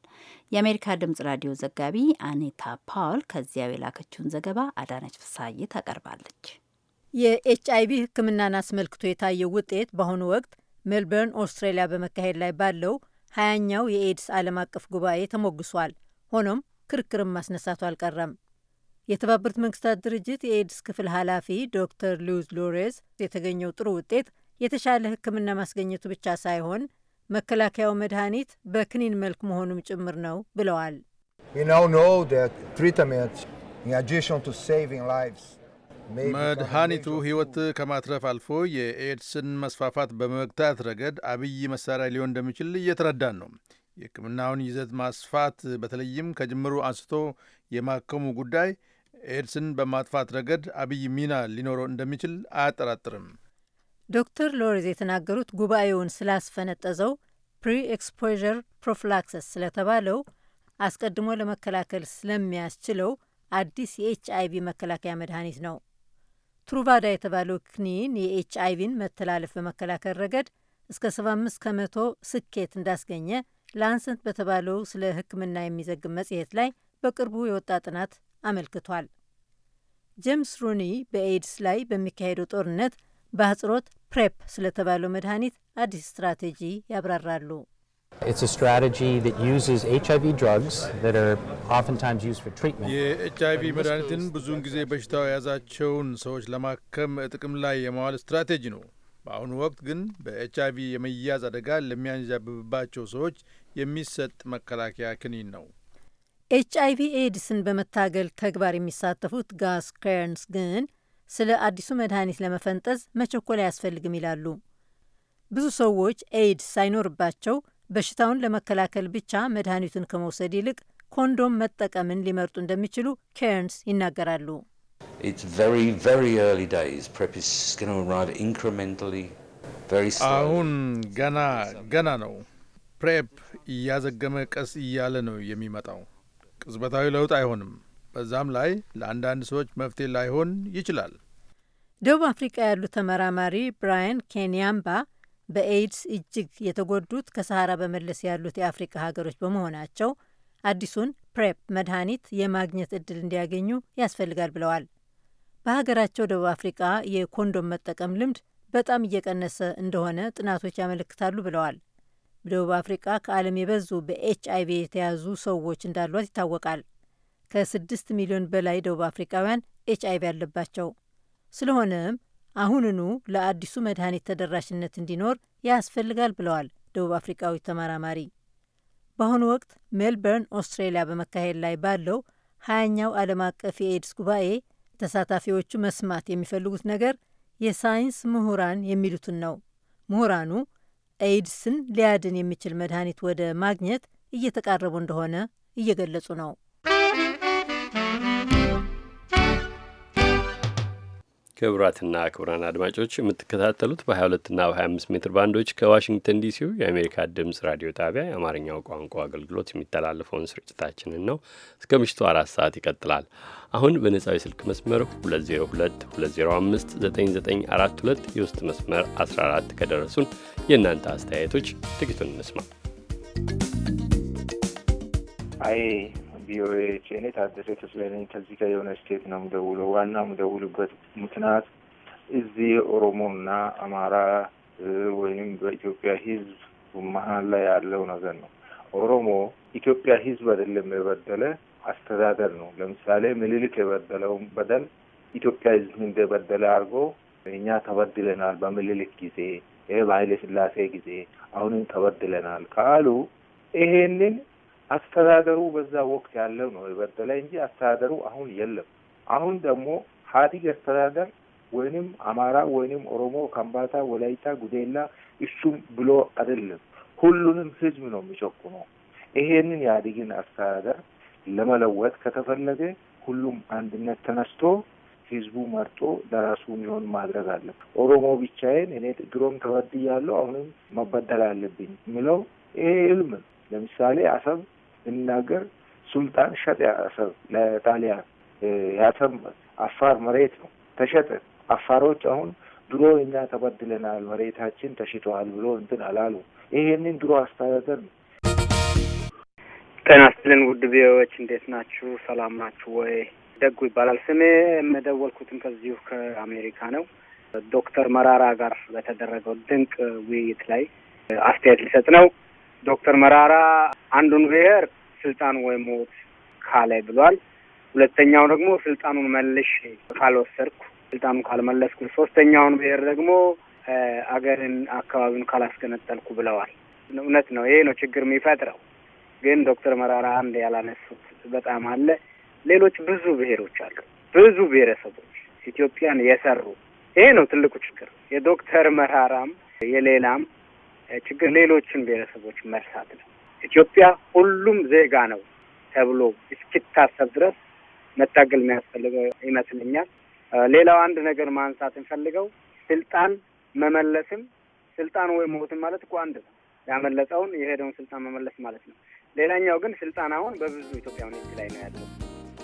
S5: የአሜሪካ ድምጽ ራዲዮ ዘጋቢ አኒታ ፓውል ከዚያው የላከችውን ዘገባ አዳነች ፍሳዬ ታቀርባለች።
S10: የኤች አይቪ ሕክምናን አስመልክቶ የታየው ውጤት በአሁኑ ወቅት ሜልበርን ኦስትሬሊያ በመካሄድ ላይ ባለው ሀያኛው የኤድስ ዓለም አቀፍ ጉባኤ ተሞግሷል። ሆኖም ክርክርም ማስነሳቱ አልቀረም። የተባበሩት መንግስታት ድርጅት የኤድስ ክፍል ኃላፊ ዶክተር ሉዊዝ ሎሬዝ የተገኘው ጥሩ ውጤት የተሻለ ሕክምና ማስገኘቱ ብቻ ሳይሆን መከላከያው መድኃኒት በክኒን መልክ መሆኑም ጭምር ነው ብለዋል።
S11: መድኃኒቱ
S12: ሕይወት ከማትረፍ አልፎ የኤድስን መስፋፋት በመግታት ረገድ አብይ መሳሪያ ሊሆን እንደሚችል እየተረዳን ነው። የሕክምናውን ይዘት ማስፋት በተለይም ከጅምሩ አንስቶ የማከሙ ጉዳይ ኤድስን በማጥፋት ረገድ አብይ ሚና ሊኖረው እንደሚችል አያጠራጥርም።
S10: ዶክተር ሎሬዝ የተናገሩት ጉባኤውን ስላስፈነጠዘው ፕሪ ኤክስፖዠር ፕሮፍላክሰስ ስለተባለው አስቀድሞ ለመከላከል ስለሚያስችለው አዲስ የኤች አይቪ መከላከያ መድኃኒት ነው። ትሩቫዳ የተባለው ክኒን የኤች አይቪን መተላለፍ በመከላከል ረገድ እስከ 75 ከመቶ ስኬት እንዳስገኘ ላንሰንት በተባለው ስለ ሕክምና የሚዘግብ መጽሔት ላይ በቅርቡ የወጣ ጥናት አመልክቷል። ጄምስ ሩኒ በኤድስ ላይ በሚካሄደው ጦርነት በአጽሮት ፕሬፕ ስለተባለው መድኃኒት አዲስ ስትራቴጂ ያብራራሉ።
S13: የኤች
S12: አይቪ መድኃኒትን ብዙውን ጊዜ በሽታው የያዛቸውን ሰዎች ለማከም ጥቅም ላይ የማዋል ስትራቴጂ ነው። በአሁኑ ወቅት ግን በኤች አይቪ የመያዝ አደጋ ለሚያንዣብብባቸው ሰዎች የሚሰጥ መከላከያ ክኒን ነው።
S10: ኤች አይቪ ኤድስን በመታገል ተግባር የሚሳተፉት ጋስ ከርንስ ግን ስለ አዲሱ መድኃኒት ለመፈንጠዝ መቸኮል አያስፈልግም ይላሉ። ብዙ ሰዎች ኤድስ ሳይኖርባቸው በሽታውን ለመከላከል ብቻ መድኃኒቱን ከመውሰድ ይልቅ ኮንዶም መጠቀምን ሊመርጡ እንደሚችሉ ኬርንስ ይናገራሉ።
S13: አሁን
S12: ገና ገና ነው። ፕሬፕ እያዘገመ ቀስ እያለ ነው የሚመጣው። ቅጽበታዊ ለውጥ አይሆንም። በዛም ላይ ለአንዳንድ ሰዎች መፍትሄ ላይሆን ይችላል።
S10: ደቡብ አፍሪቃ ያሉ ተመራማሪ ብራያን ኬንያምባ በኤድስ እጅግ የተጎዱት ከሰሃራ በመለስ ያሉት የአፍሪካ ሀገሮች በመሆናቸው አዲሱን ፕሬፕ መድኃኒት የማግኘት እድል እንዲያገኙ ያስፈልጋል ብለዋል። በሀገራቸው ደቡብ አፍሪቃ የኮንዶም መጠቀም ልምድ በጣም እየቀነሰ እንደሆነ ጥናቶች ያመለክታሉ ብለዋል። ደቡብ አፍሪቃ ከዓለም የበዙ በኤች አይቪ የተያዙ ሰዎች እንዳሏት ይታወቃል። ከስድስት ሚሊዮን በላይ ደቡብ አፍሪካውያን ኤች አይቪ አለባቸው። ስለሆነም አሁንኑ ለአዲሱ መድኃኒት ተደራሽነት እንዲኖር ያስፈልጋል ብለዋል ደቡብ አፍሪካዊ ተመራማሪ። በአሁኑ ወቅት ሜልበርን ኦስትሬሊያ በመካሄድ ላይ ባለው ሀያኛው ዓለም አቀፍ የኤድስ ጉባኤ ተሳታፊዎቹ መስማት የሚፈልጉት ነገር የሳይንስ ምሁራን የሚሉትን ነው። ምሁራኑ ኤድስን ሊያድን የሚችል መድኃኒት ወደ ማግኘት እየተቃረቡ እንደሆነ እየገለጹ ነው።
S2: ክቡራትና ክቡራን አድማጮች የምትከታተሉት በ22ና በ25 ሜትር ባንዶች ከዋሽንግተን ዲሲው የአሜሪካ ድምፅ ራዲዮ ጣቢያ የአማርኛው ቋንቋ አገልግሎት የሚተላለፈውን ስርጭታችንን ነው። እስከ ምሽቱ አራት ሰዓት ይቀጥላል። አሁን በነጻው የስልክ መስመር 2022059942 የውስጥ መስመር 14 ከደረሱን የእናንተ አስተያየቶች ጥቂቱን እንስማ።
S14: አይ ቪኦኤ ቼኔ ታደሰ ተስለኔ ከዚህ ከየሆነ ስቴት ነው ምደውለው። ዋና ምደውልበት ምክንያት እዚህ ኦሮሞና አማራ ወይም በኢትዮጵያ ሕዝብ መሀል ላይ ያለው ነገር ነው። ኦሮሞ ኢትዮጵያ ሕዝብ አይደለም የበደለ አስተዳደር ነው። ለምሳሌ ምኒልክ የበደለውን በደል ኢትዮጵያ ሕዝብ እንደበደለ አድርጎ እኛ ተበድለናል በምኒልክ ጊዜ፣ ይህ በኃይለ ሥላሴ ጊዜ አሁንም ተበድለናል ካሉ ይሄንን አስተዳደሩ በዛ ወቅት ያለው ነው የበደለ እንጂ አስተዳደሩ አሁን የለም። አሁን ደግሞ ሀዲግ አስተዳደር ወይንም አማራ ወይንም ኦሮሞ፣ ከምባታ፣ ወላይታ፣ ጉዴላ እሱም ብሎ አይደለም ሁሉንም ህዝብ ነው የሚጨቁነው። ይሄንን የአዲግን አስተዳደር ለመለወጥ ከተፈለገ ሁሉም አንድነት ተነስቶ ህዝቡ መርጦ ለራሱ የሚሆን ማድረግ አለ። ኦሮሞ ብቻዬን እኔ ድሮም ተበድያለሁ አሁንም መበደል አለብኝ የሚለው ይሄ ህልም ለምሳሌ አሰብ ብንናገር ሱልጣን ሸጠ አሰብ ለጣሊያን። የአሰብ አፋር መሬት ነው ተሸጠ። አፋሮች አሁን ድሮ እኛ ተበድለናል መሬታችን ተሽተዋል ብሎ እንትን አላሉ። ይሄንን ድሮ አስተዳደር ነው። ጤና ይስጥልን ውድ ቪዎች እንዴት
S15: ናችሁ? ሰላም ናችሁ ወይ? ደጉ ይባላል ስሜ። የምደወልኩትም ከዚሁ ከአሜሪካ ነው። ዶክተር መራራ ጋር በተደረገው ድንቅ ውይይት ላይ አስተያየት ሊሰጥ ነው። ዶክተር መራራ አንዱን ብሔር ስልጣን ወይ ሞት ካላይ ብሏል። ሁለተኛው ደግሞ ስልጣኑን መልሽ ካልወሰድኩ ስልጣኑን ካልመለስኩ፣ ሶስተኛውን ብሔር ደግሞ አገርን አካባቢውን ካላስገነጠልኩ ብለዋል። እውነት ነው፣ ይሄ ነው ችግር የሚፈጥረው። ግን ዶክተር መራራ አንድ ያላነሱት በጣም አለ። ሌሎች ብዙ ብሔሮች አሉ፣ ብዙ ብሔረሰቦች ኢትዮጵያን የሰሩ። ይሄ ነው ትልቁ ችግር፣ የዶክተር መራራም የሌላም ችግር ሌሎችን ብሔረሰቦች መርሳት ነው። ኢትዮጵያ ሁሉም ዜጋ ነው ተብሎ እስኪታሰብ ድረስ መታገል የሚያስፈልገው ይመስለኛል። ሌላው አንድ ነገር ማንሳት እንፈልገው ስልጣን መመለስም ስልጣን ወይ ሞትም ማለት እኮ አንድ ነው። ያመለጠውን የሄደውን ስልጣን መመለስ ማለት ነው። ሌላኛው ግን ስልጣን አሁን በብዙ ኢትዮጵያውያን እጅ ላይ ነው ያለው።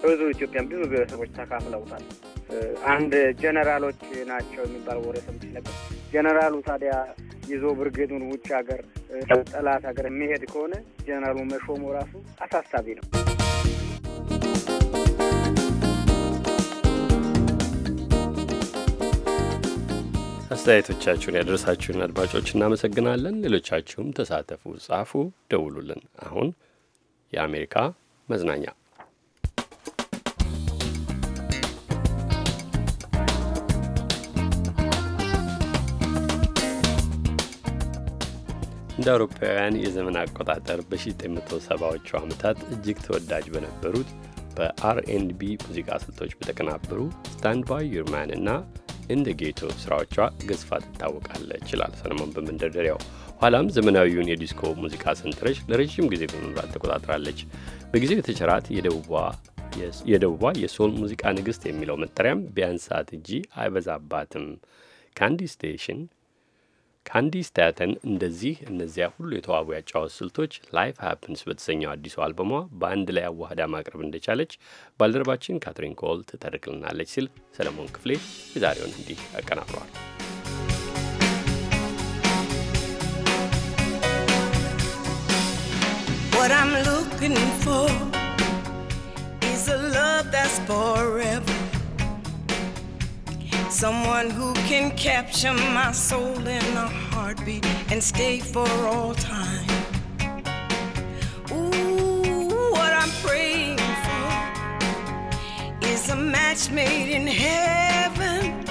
S15: ብዙ ኢትዮጵያን ብዙ ብሔረሰቦች ተካፍለውታል። አንድ ጀነራሎች ናቸው የሚባል ወሬ ሰምቼ ነበር። ጀነራሉ ታዲያ ይዞ ብርጌዱን ውጭ ሀገር ጠላት ሀገር የሚሄድ ከሆነ ጀነራሉ መሾሙ ራሱ አሳሳቢ ነው።
S2: አስተያየቶቻችሁን ያደረሳችሁን አድማጮች እናመሰግናለን። ሌሎቻችሁም ተሳተፉ፣ ጻፉ፣ ደውሉልን። አሁን የአሜሪካ መዝናኛ እንደ አውሮፓውያን የዘመን አቆጣጠር በ1970ዎቹ ዓመታት እጅግ ተወዳጅ በነበሩት በአርኤንቢ ሙዚቃ ስልቶች በተቀናበሩ ስታንድ ባይ ዩር እና እንደ ጌቶ ስራዎቿ ገዝፋ ትታወቃለች ይላል ሰለሞን በመንደርደሪያው። ኋላም ዘመናዊውን የዲስኮ ሙዚቃ ሰንጠረዥ ለረዥም ጊዜ በመምራት ተቆጣጥራለች። በጊዜው የተቸራት የደቡቧ የሶል ሙዚቃ ንግሥት የሚለው መጠሪያም ቢያንሳት እንጂ አይበዛባትም። ካንዲ ስቴሽን ካንዲ ስታተን እንደዚህ እነዚያ ሁሉ የተዋቡ ያጫወት ስልቶች ላይፍ ሀፕንስ በተሰኘው አዲሱ አልበሟ በአንድ ላይ አዋህዳ ማቅረብ እንደቻለች ባልደረባችን ካትሪን ኮል ትተርክልናለች ሲል ሰለሞን ክፍሌ የዛሬውን እንዲህ አቀናብሯል።
S1: What I'm looking for is a love that's forever Someone who can capture my soul in a heartbeat and stay for all time. Ooh, what I'm praying for is a match made in heaven.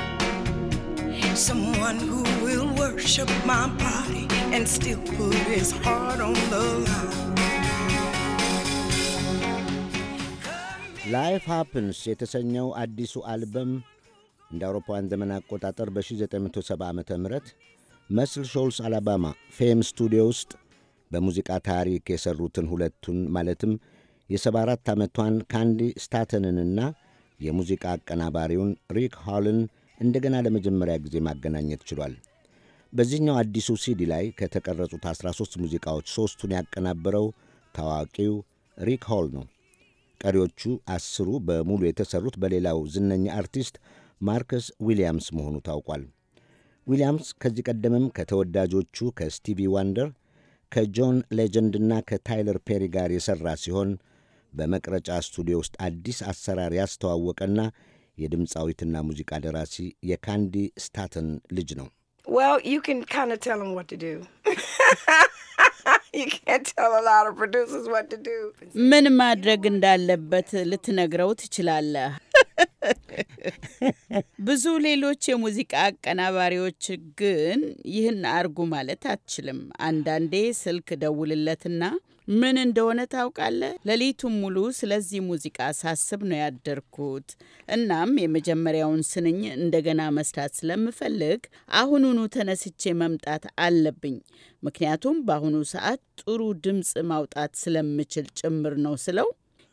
S1: Someone who will worship my body and still put his heart on the line.
S4: Life happens, ላይፍ ሃፕንስ የተሰኘው አዲሱ album. እንደ አውሮፓውያን ዘመን አቆጣጠር በ1970 ዓ ም መስል ሾልስ አላባማ ፌም ስቱዲዮ ውስጥ በሙዚቃ ታሪክ የሠሩትን ሁለቱን ማለትም የ74 ዓመቷን ካንዲ ስታተንንና የሙዚቃ አቀናባሪውን ሪክ ሃልን እንደገና ለመጀመሪያ ጊዜ ማገናኘት ችሏል። በዚህኛው አዲሱ ሲዲ ላይ ከተቀረጹት 13 ሙዚቃዎች ሦስቱን ያቀናበረው ታዋቂው ሪክ ሆል ነው። ቀሪዎቹ አስሩ በሙሉ የተሠሩት በሌላው ዝነኛ አርቲስት ማርከስ ዊሊያምስ መሆኑ ታውቋል። ዊሊያምስ ከዚህ ቀደምም ከተወዳጆቹ ከስቲቪ ዋንደር፣ ከጆን ሌጀንድና ከታይለር ፔሪ ጋር የሠራ ሲሆን በመቅረጫ ስቱዲዮ ውስጥ አዲስ አሰራር ያስተዋወቀና የድምፃዊትና ሙዚቃ ደራሲ የካንዲ ስታተን ልጅ ነው።
S16: ምን ማድረግ እንዳለበት ልትነግረው ትችላለህ። ብዙ ሌሎች የሙዚቃ አቀናባሪዎች ግን ይህን አርጉ ማለት አትችልም። አንዳንዴ ስልክ ደውልለትና ምን እንደሆነ ታውቃለህ፣ ሌሊቱን ሙሉ ስለዚህ ሙዚቃ ሳስብ ነው ያደርኩት። እናም የመጀመሪያውን ስንኝ እንደገና መስራት ስለምፈልግ አሁኑኑ ተነስቼ መምጣት አለብኝ፣ ምክንያቱም በአሁኑ ሰዓት ጥሩ ድምፅ ማውጣት ስለምችል ጭምር ነው ስለው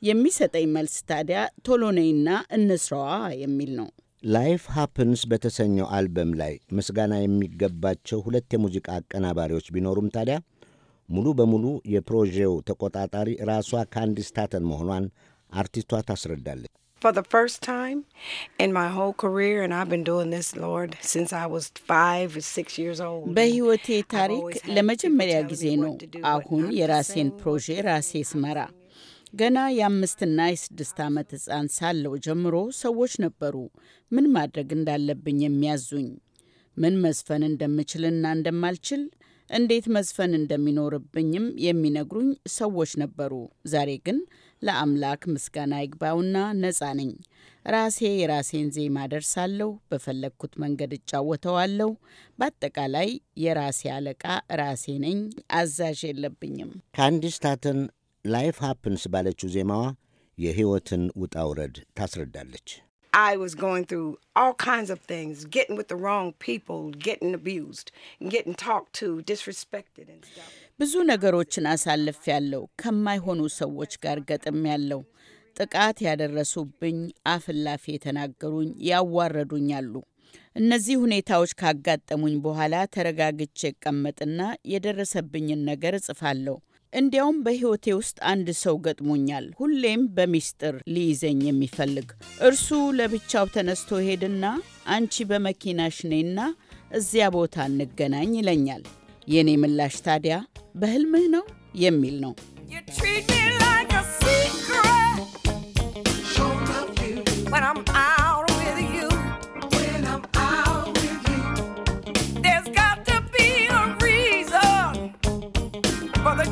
S16: የሚሰጠኝ መልስ ታዲያ ቶሎ ነይና እንስራዋ የሚል ነው።
S4: ላይፍ ሃፕንስ በተሰኘው አልበም ላይ ምስጋና የሚገባቸው ሁለት የሙዚቃ አቀናባሪዎች ቢኖሩም ታዲያ ሙሉ በሙሉ የፕሮዤው ተቆጣጣሪ ራሷ ካንዲስ ታተን መሆኗን አርቲስቷ ታስረዳለች።
S1: For the first time in my whole career, and I've been doing this,
S16: Lord, since I was five or six years old. በሕይወቴ ታሪክ ለመጀመሪያ ጊዜ ነው አሁን የራሴን ፕሮጄ ራሴ ስመራ ገና የአምስትና የስድስት ዓመት ሕፃን ሳለው ጀምሮ ሰዎች ነበሩ ምን ማድረግ እንዳለብኝ የሚያዙኝ። ምን መዝፈን እንደምችልና እንደማልችል፣ እንዴት መዝፈን እንደሚኖርብኝም የሚነግሩኝ ሰዎች ነበሩ። ዛሬ ግን ለአምላክ ምስጋና ይግባውና ነፃ ነኝ። ራሴ የራሴን ዜማ ደርሳለሁ፣ በፈለግኩት መንገድ እጫወተዋለሁ። በአጠቃላይ የራሴ አለቃ ራሴ ነኝ፣ አዛዥ የለብኝም።
S4: ከአንዲስታትን ላይፍ ሃፕንስ ባለችው ዜማዋ የሕይወትን ውጣ ውረድ ታስረዳለች።
S1: I was going through all kinds of things, getting with the wrong people, getting abused, getting talked to, disrespected and stuff.
S16: ብዙ ነገሮችን አሳልፍ ያለው ከማይሆኑ ሰዎች ጋር ገጥም ያለው ጥቃት ያደረሱብኝ፣ አፍላፊ የተናገሩኝ፣ ያዋረዱኝ አሉ። እነዚህ ሁኔታዎች ካጋጠሙኝ በኋላ ተረጋግቼ እቀመጥና የደረሰብኝን ነገር እጽፋለሁ። እንዲያውም በሕይወቴ ውስጥ አንድ ሰው ገጥሞኛል፣ ሁሌም በሚስጥር ሊይዘኝ የሚፈልግ እርሱ ለብቻው ተነስቶ ሄድና አንቺ በመኪናሽ ነይና እዚያ ቦታ እንገናኝ ይለኛል። የእኔ ምላሽ ታዲያ በሕልምህ ነው የሚል ነው።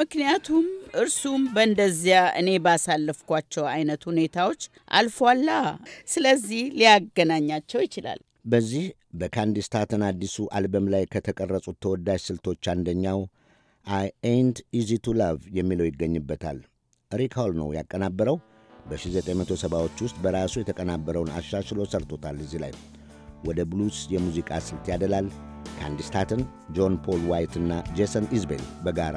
S16: ምክንያቱም እርሱም በእንደዚያ እኔ ባሳለፍኳቸው አይነት ሁኔታዎች አልፏላ። ስለዚህ ሊያገናኛቸው ይችላል።
S4: በዚህ በካንዲስታትን አዲሱ አልበም ላይ ከተቀረጹት ተወዳጅ ስልቶች አንደኛው አይ ኤንት ኢዚ ቱ ላቭ የሚለው ይገኝበታል። ሪክ ሆል ነው ያቀናበረው። በ1970ዎች ውስጥ በራሱ የተቀናበረውን አሻሽሎ ሰርቶታል። እዚህ ላይ ወደ ብሉስ የሙዚቃ ስልት ያደላል። ካንዲስታትን ጆን ፖል ዋይት እና ጄሰን ኢዝቤል በጋራ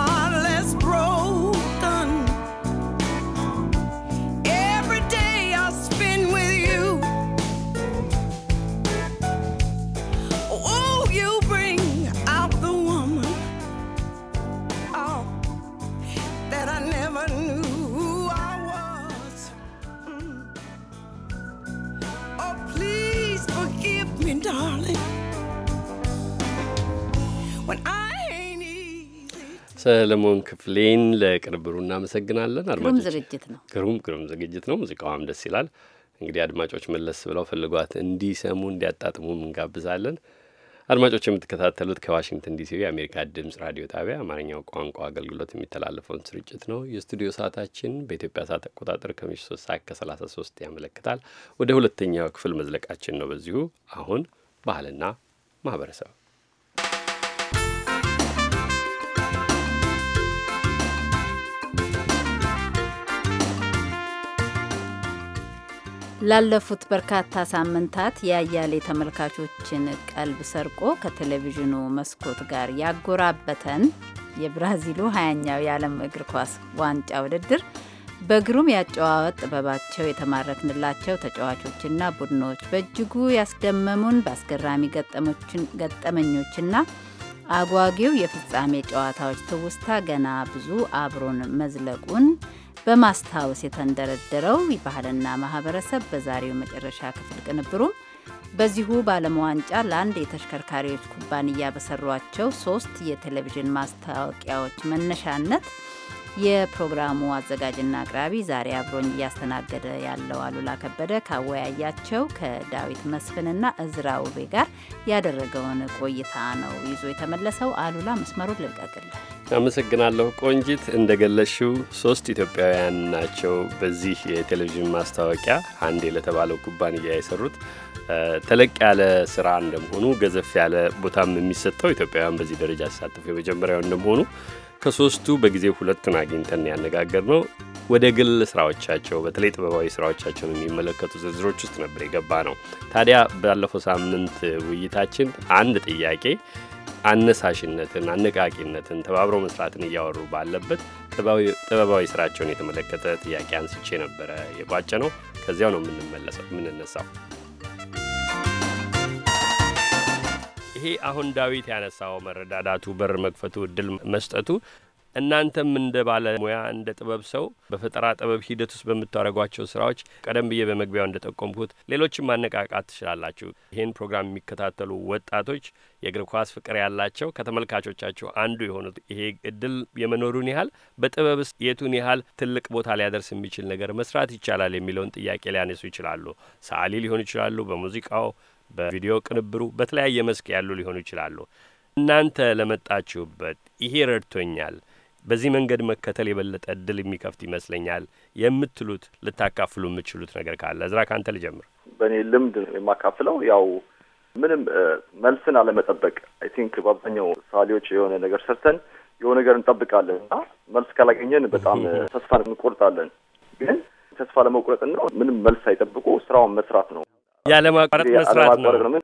S2: ሰለሞን ክፍሌን ለቅንብሩ እናመሰግናለን። አድማጮች ዝግጅት ነው። ግሩም ግሩም ዝግጅት ነው። ሙዚቃዋም ደስ ይላል። እንግዲህ አድማጮች መለስ ብለው ፈልጓት እንዲሰሙ እንዲያጣጥሙ እንጋብዛለን። አድማጮች የምትከታተሉት ከዋሽንግተን ዲሲ የአሜሪካ ድምጽ ራዲዮ ጣቢያ አማርኛው ቋንቋ አገልግሎት የሚተላለፈውን ስርጭት ነው። የስቱዲዮ ሰዓታችን በኢትዮጵያ ሰዓት አቆጣጠር ከምሽቱ ሶስት ሰዓት ከሰላሳ ሶስት ያመለክታል። ወደ ሁለተኛው ክፍል መዝለቃችን ነው። በዚሁ አሁን ባህልና ማህበረሰብ
S5: ላለፉት በርካታ ሳምንታት የአያሌ ተመልካቾችን ቀልብ ሰርቆ ከቴሌቪዥኑ መስኮት ጋር ያጎራበተን የብራዚሉ ሀያኛው የዓለም እግር ኳስ ዋንጫ ውድድር በግሩም ያጨዋወጥ ጥበባቸው የተማረክንላቸው ተጫዋቾችና ቡድኖች በእጅጉ ያስደመሙን በአስገራሚ ገጠመኞችና አጓጊው የፍጻሜ ጨዋታዎች ትውስታ ገና ብዙ አብሮን መዝለቁን በማስታወስ የተንደረደረው ባህልና ማህበረሰብ በዛሬው መጨረሻ ክፍል ቅንብሩም በዚሁ በዓለም ዋንጫ ለአንድ የተሽከርካሪዎች ኩባንያ በሰሯቸው ሶስት የቴሌቪዥን ማስታወቂያዎች መነሻነት የፕሮግራሙ አዘጋጅና አቅራቢ ዛሬ አብሮኝ እያስተናገደ ያለው አሉላ ከበደ ካወያያቸው ከዳዊት መስፍንና እዝራ ውቤ ጋር ያደረገውን ቆይታ ነው ይዞ የተመለሰው። አሉላ መስመሩን ልልቀቅልህ።
S2: አመሰግናለሁ ቆንጂት። እንደ ገለሽው ሶስት ኢትዮጵያውያን ናቸው በዚህ የቴሌቪዥን ማስታወቂያ አንዴ ለተባለው ኩባንያ የሰሩት። ተለቅ ያለ ስራ እንደመሆኑ ገዘፍ ያለ ቦታም የሚሰጠው ኢትዮጵያውያን በዚህ ደረጃ ሲሳተፉ የመጀመሪያው እንደመሆኑ ከሶስቱ በጊዜ ሁለቱን አግኝተን ያነጋገር ነው። ወደ ግል ስራዎቻቸው በተለይ ጥበባዊ ስራዎቻቸውን የሚመለከቱ ዝርዝሮች ውስጥ ነበር የገባ ነው። ታዲያ ባለፈው ሳምንት ውይይታችን አንድ ጥያቄ አነሳሽነትን፣ አነቃቂነትን፣ ተባብሮ መስራትን እያወሩ ባለበት ጥበባዊ ስራቸውን የተመለከተ ጥያቄ አንስቼ ነበረ የቋጨ ነው። ከዚያው ነው የምንመለሰው የምንነሳው። ይሄ አሁን ዳዊት ያነሳው መረዳዳቱ በር መክፈቱ እድል መስጠቱ እናንተም እንደ ባለሙያ እንደ ጥበብ ሰው በፈጠራ ጥበብ ሂደት ውስጥ በምታደርጓቸው ስራዎች ቀደም ብዬ በመግቢያው እንደ ጠቆምኩት ሌሎችም ማነቃቃት ትችላላችሁ። ይህን ፕሮግራም የሚከታተሉ ወጣቶች የእግር ኳስ ፍቅር ያላቸው ከተመልካቾቻችሁ አንዱ የሆኑት ይሄ እድል የመኖሩን ያህል በጥበብ ውስጥ የቱን ያህል ትልቅ ቦታ ሊያደርስ የሚችል ነገር መስራት ይቻላል የሚለውን ጥያቄ ሊያነሱ ይችላሉ። ሰዓሊ ሊሆኑ ይችላሉ። በሙዚቃው፣ በቪዲዮ ቅንብሩ፣ በተለያየ መስክ ያሉ ሊሆኑ ይችላሉ። እናንተ ለመጣችሁበት ይሄ ረድቶኛል በዚህ መንገድ መከተል የበለጠ እድል የሚከፍት ይመስለኛል የምትሉት ልታካፍሉ የምትችሉት ነገር ካለ እዝራ ከአንተ ልጀምር።
S3: በእኔ ልምድ የማካፍለው ያው ምንም መልስን አለመጠበቅ አይ ቲንክ በአብዛኛው ሳሌዎች የሆነ ነገር ሰርተን የሆነ ነገር እንጠብቃለን እና መልስ ካላገኘን በጣም ተስፋ እንቆርጣለን። ግን ተስፋ ለመቁረጥ ነው ምንም መልስ አይጠብቁ ስራውን መስራት ነው፣
S2: ያለማቋረጥ መስራት
S3: ነው።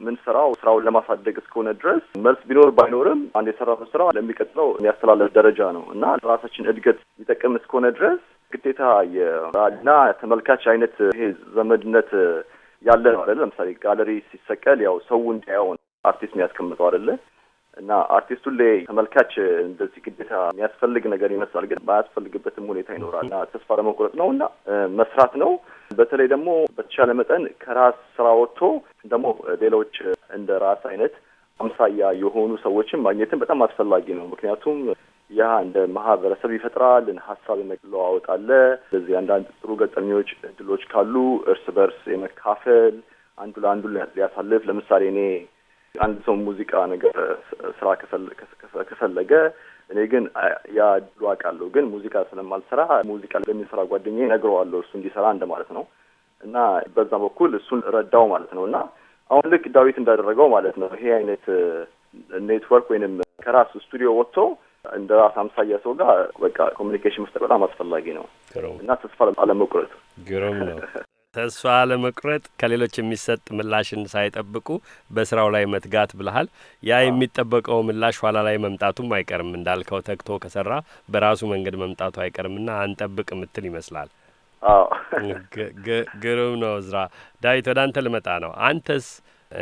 S3: የምንሰራው ስራውን ለማሳደግ እስከሆነ ድረስ መልስ ቢኖር ባይኖርም አንድ የሰራነው ስራ ለሚቀጥለው የሚያስተላለፍ ደረጃ ነው እና ራሳችን እድገት ሊጠቅም እስከሆነ ድረስ ግዴታ የና ተመልካች አይነት ይሄ ዘመድነት ያለ ነው አለ። ለምሳሌ ጋለሪ ሲሰቀል ያው ሰው እንዲያየው ነው አርቲስት የሚያስቀምጠው አደለ እና አርቲስቱ ላይ ተመልካች እንደዚህ ግዴታ የሚያስፈልግ ነገር ይመስላል፣ ግን ባያስፈልግበትም ሁኔታ ይኖራል እና ተስፋ ለመቁረጥ ነው እና መስራት ነው። በተለይ ደግሞ በተቻለ መጠን ከራስ ስራ ወጥቶ ደግሞ ሌሎች እንደ ራስ አይነት አምሳያ የሆኑ ሰዎችን ማግኘትን በጣም አስፈላጊ ነው። ምክንያቱም ያ እንደ ማህበረሰብ ይፈጥራል። ሀሳብ የመለዋወጥ አለ። ስለዚህ አንዳንድ ጥሩ ገጠመኞች፣ እድሎች ካሉ እርስ በርስ የመካፈል አንዱ ለአንዱ ሊያሳልፍ ለምሳሌ እኔ አንድ ሰው ሙዚቃ ነገር ስራ ከፈለገ እኔ ግን ያ እድሉ አውቃለሁ፣ ግን ሙዚቃ ስለማልሰራ ሙዚቃ ለሚሰራ ጓደኛ ነግረዋለሁ እሱ እንዲሰራ እንደማለት ነው። እና በዛ በኩል እሱን ረዳው ማለት ነው እና አሁን ልክ ዳዊት እንዳደረገው ማለት ነው ይሄ አይነት ኔትወርክ ወይንም ከራሱ ስቱዲዮ ወጥቶ እንደ ራስ አምሳያ ሰው ጋር በቃ ኮሚኒኬሽን መፍጠር በጣም አስፈላጊ ነው እና ተስፋ አለመቁረጥ
S2: ግሩም ነው። ተስፋ አለመቁረጥ ከሌሎች የሚሰጥ ምላሽን ሳይጠብቁ በስራው ላይ መትጋት ብልሃል። ያ የሚጠበቀው ምላሽ ኋላ ላይ መምጣቱም አይቀርም እንዳልከው ተግቶ ከሰራ በራሱ መንገድ መምጣቱ አይቀርምና አንጠብቅ ምትል ይመስላል። አዎ ግሩም ነው። እዝራ ዳዊት፣ ወደ አንተ ልመጣ ነው። አንተስ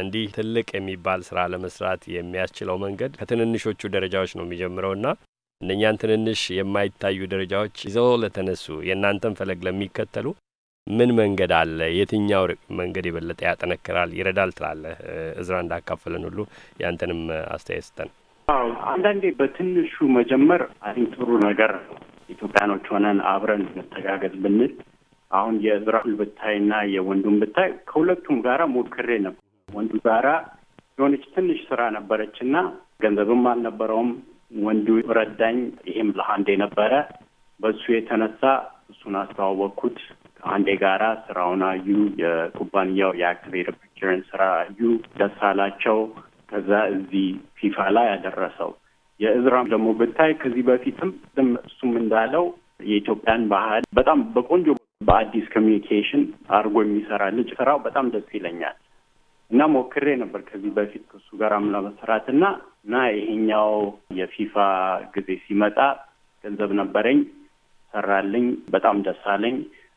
S2: እንዲህ ትልቅ የሚባል ስራ ለመስራት የሚያስችለው መንገድ ከትንንሾቹ ደረጃዎች ነው የሚጀምረው ና እነኛን ትንንሽ የማይታዩ ደረጃዎች ይዘው ለተነሱ የእናንተን ፈለግ ለሚከተሉ ምን መንገድ አለ? የትኛው መንገድ የበለጠ ያጠነክራል፣ ይረዳል ትላለህ? እዝራ እንዳካፈለን ሁሉ ያንተንም አስተያየት
S13: ስጠን። አዎ አንዳንዴ በትንሹ መጀመር አይ ጥሩ ነገር ነው። ኢትዮጵያኖች ሆነን አብረን መተጋገዝ ብንል አሁን የብራሁል ብታይና የወንዱን ብታይ ከሁለቱም ጋራ ሞክሬ ነበር። ወንዱ ጋራ የሆነች ትንሽ ስራ ነበረች እና ገንዘብም አልነበረውም። ወንዱ ረዳኝ። ይህም ለአንዴ ነበረ። በሱ የተነሳ እሱን አስተዋወቅኩት። ከአንዴ ጋራ ስራውን አዩ። የኩባንያው የአክቲቬት ኢንሹራንስ ስራ አዩ። ደስ አላቸው። ከዛ እዚህ ፊፋ ላይ ያደረሰው የእዝራም ደግሞ ብታይ ከዚህ በፊትም እሱም እንዳለው የኢትዮጵያን ባህል በጣም በቆንጆ በአዲስ ኮሚኒኬሽን አድርጎ የሚሰራ ልጅ ስራው በጣም ደስ ይለኛል እና ሞክሬ ነበር ከዚህ በፊት ከሱ ጋር አምላ መስራት እና እና ይሄኛው የፊፋ ጊዜ ሲመጣ ገንዘብ ነበረኝ ሰራልኝ፣ በጣም ደስ አለኝ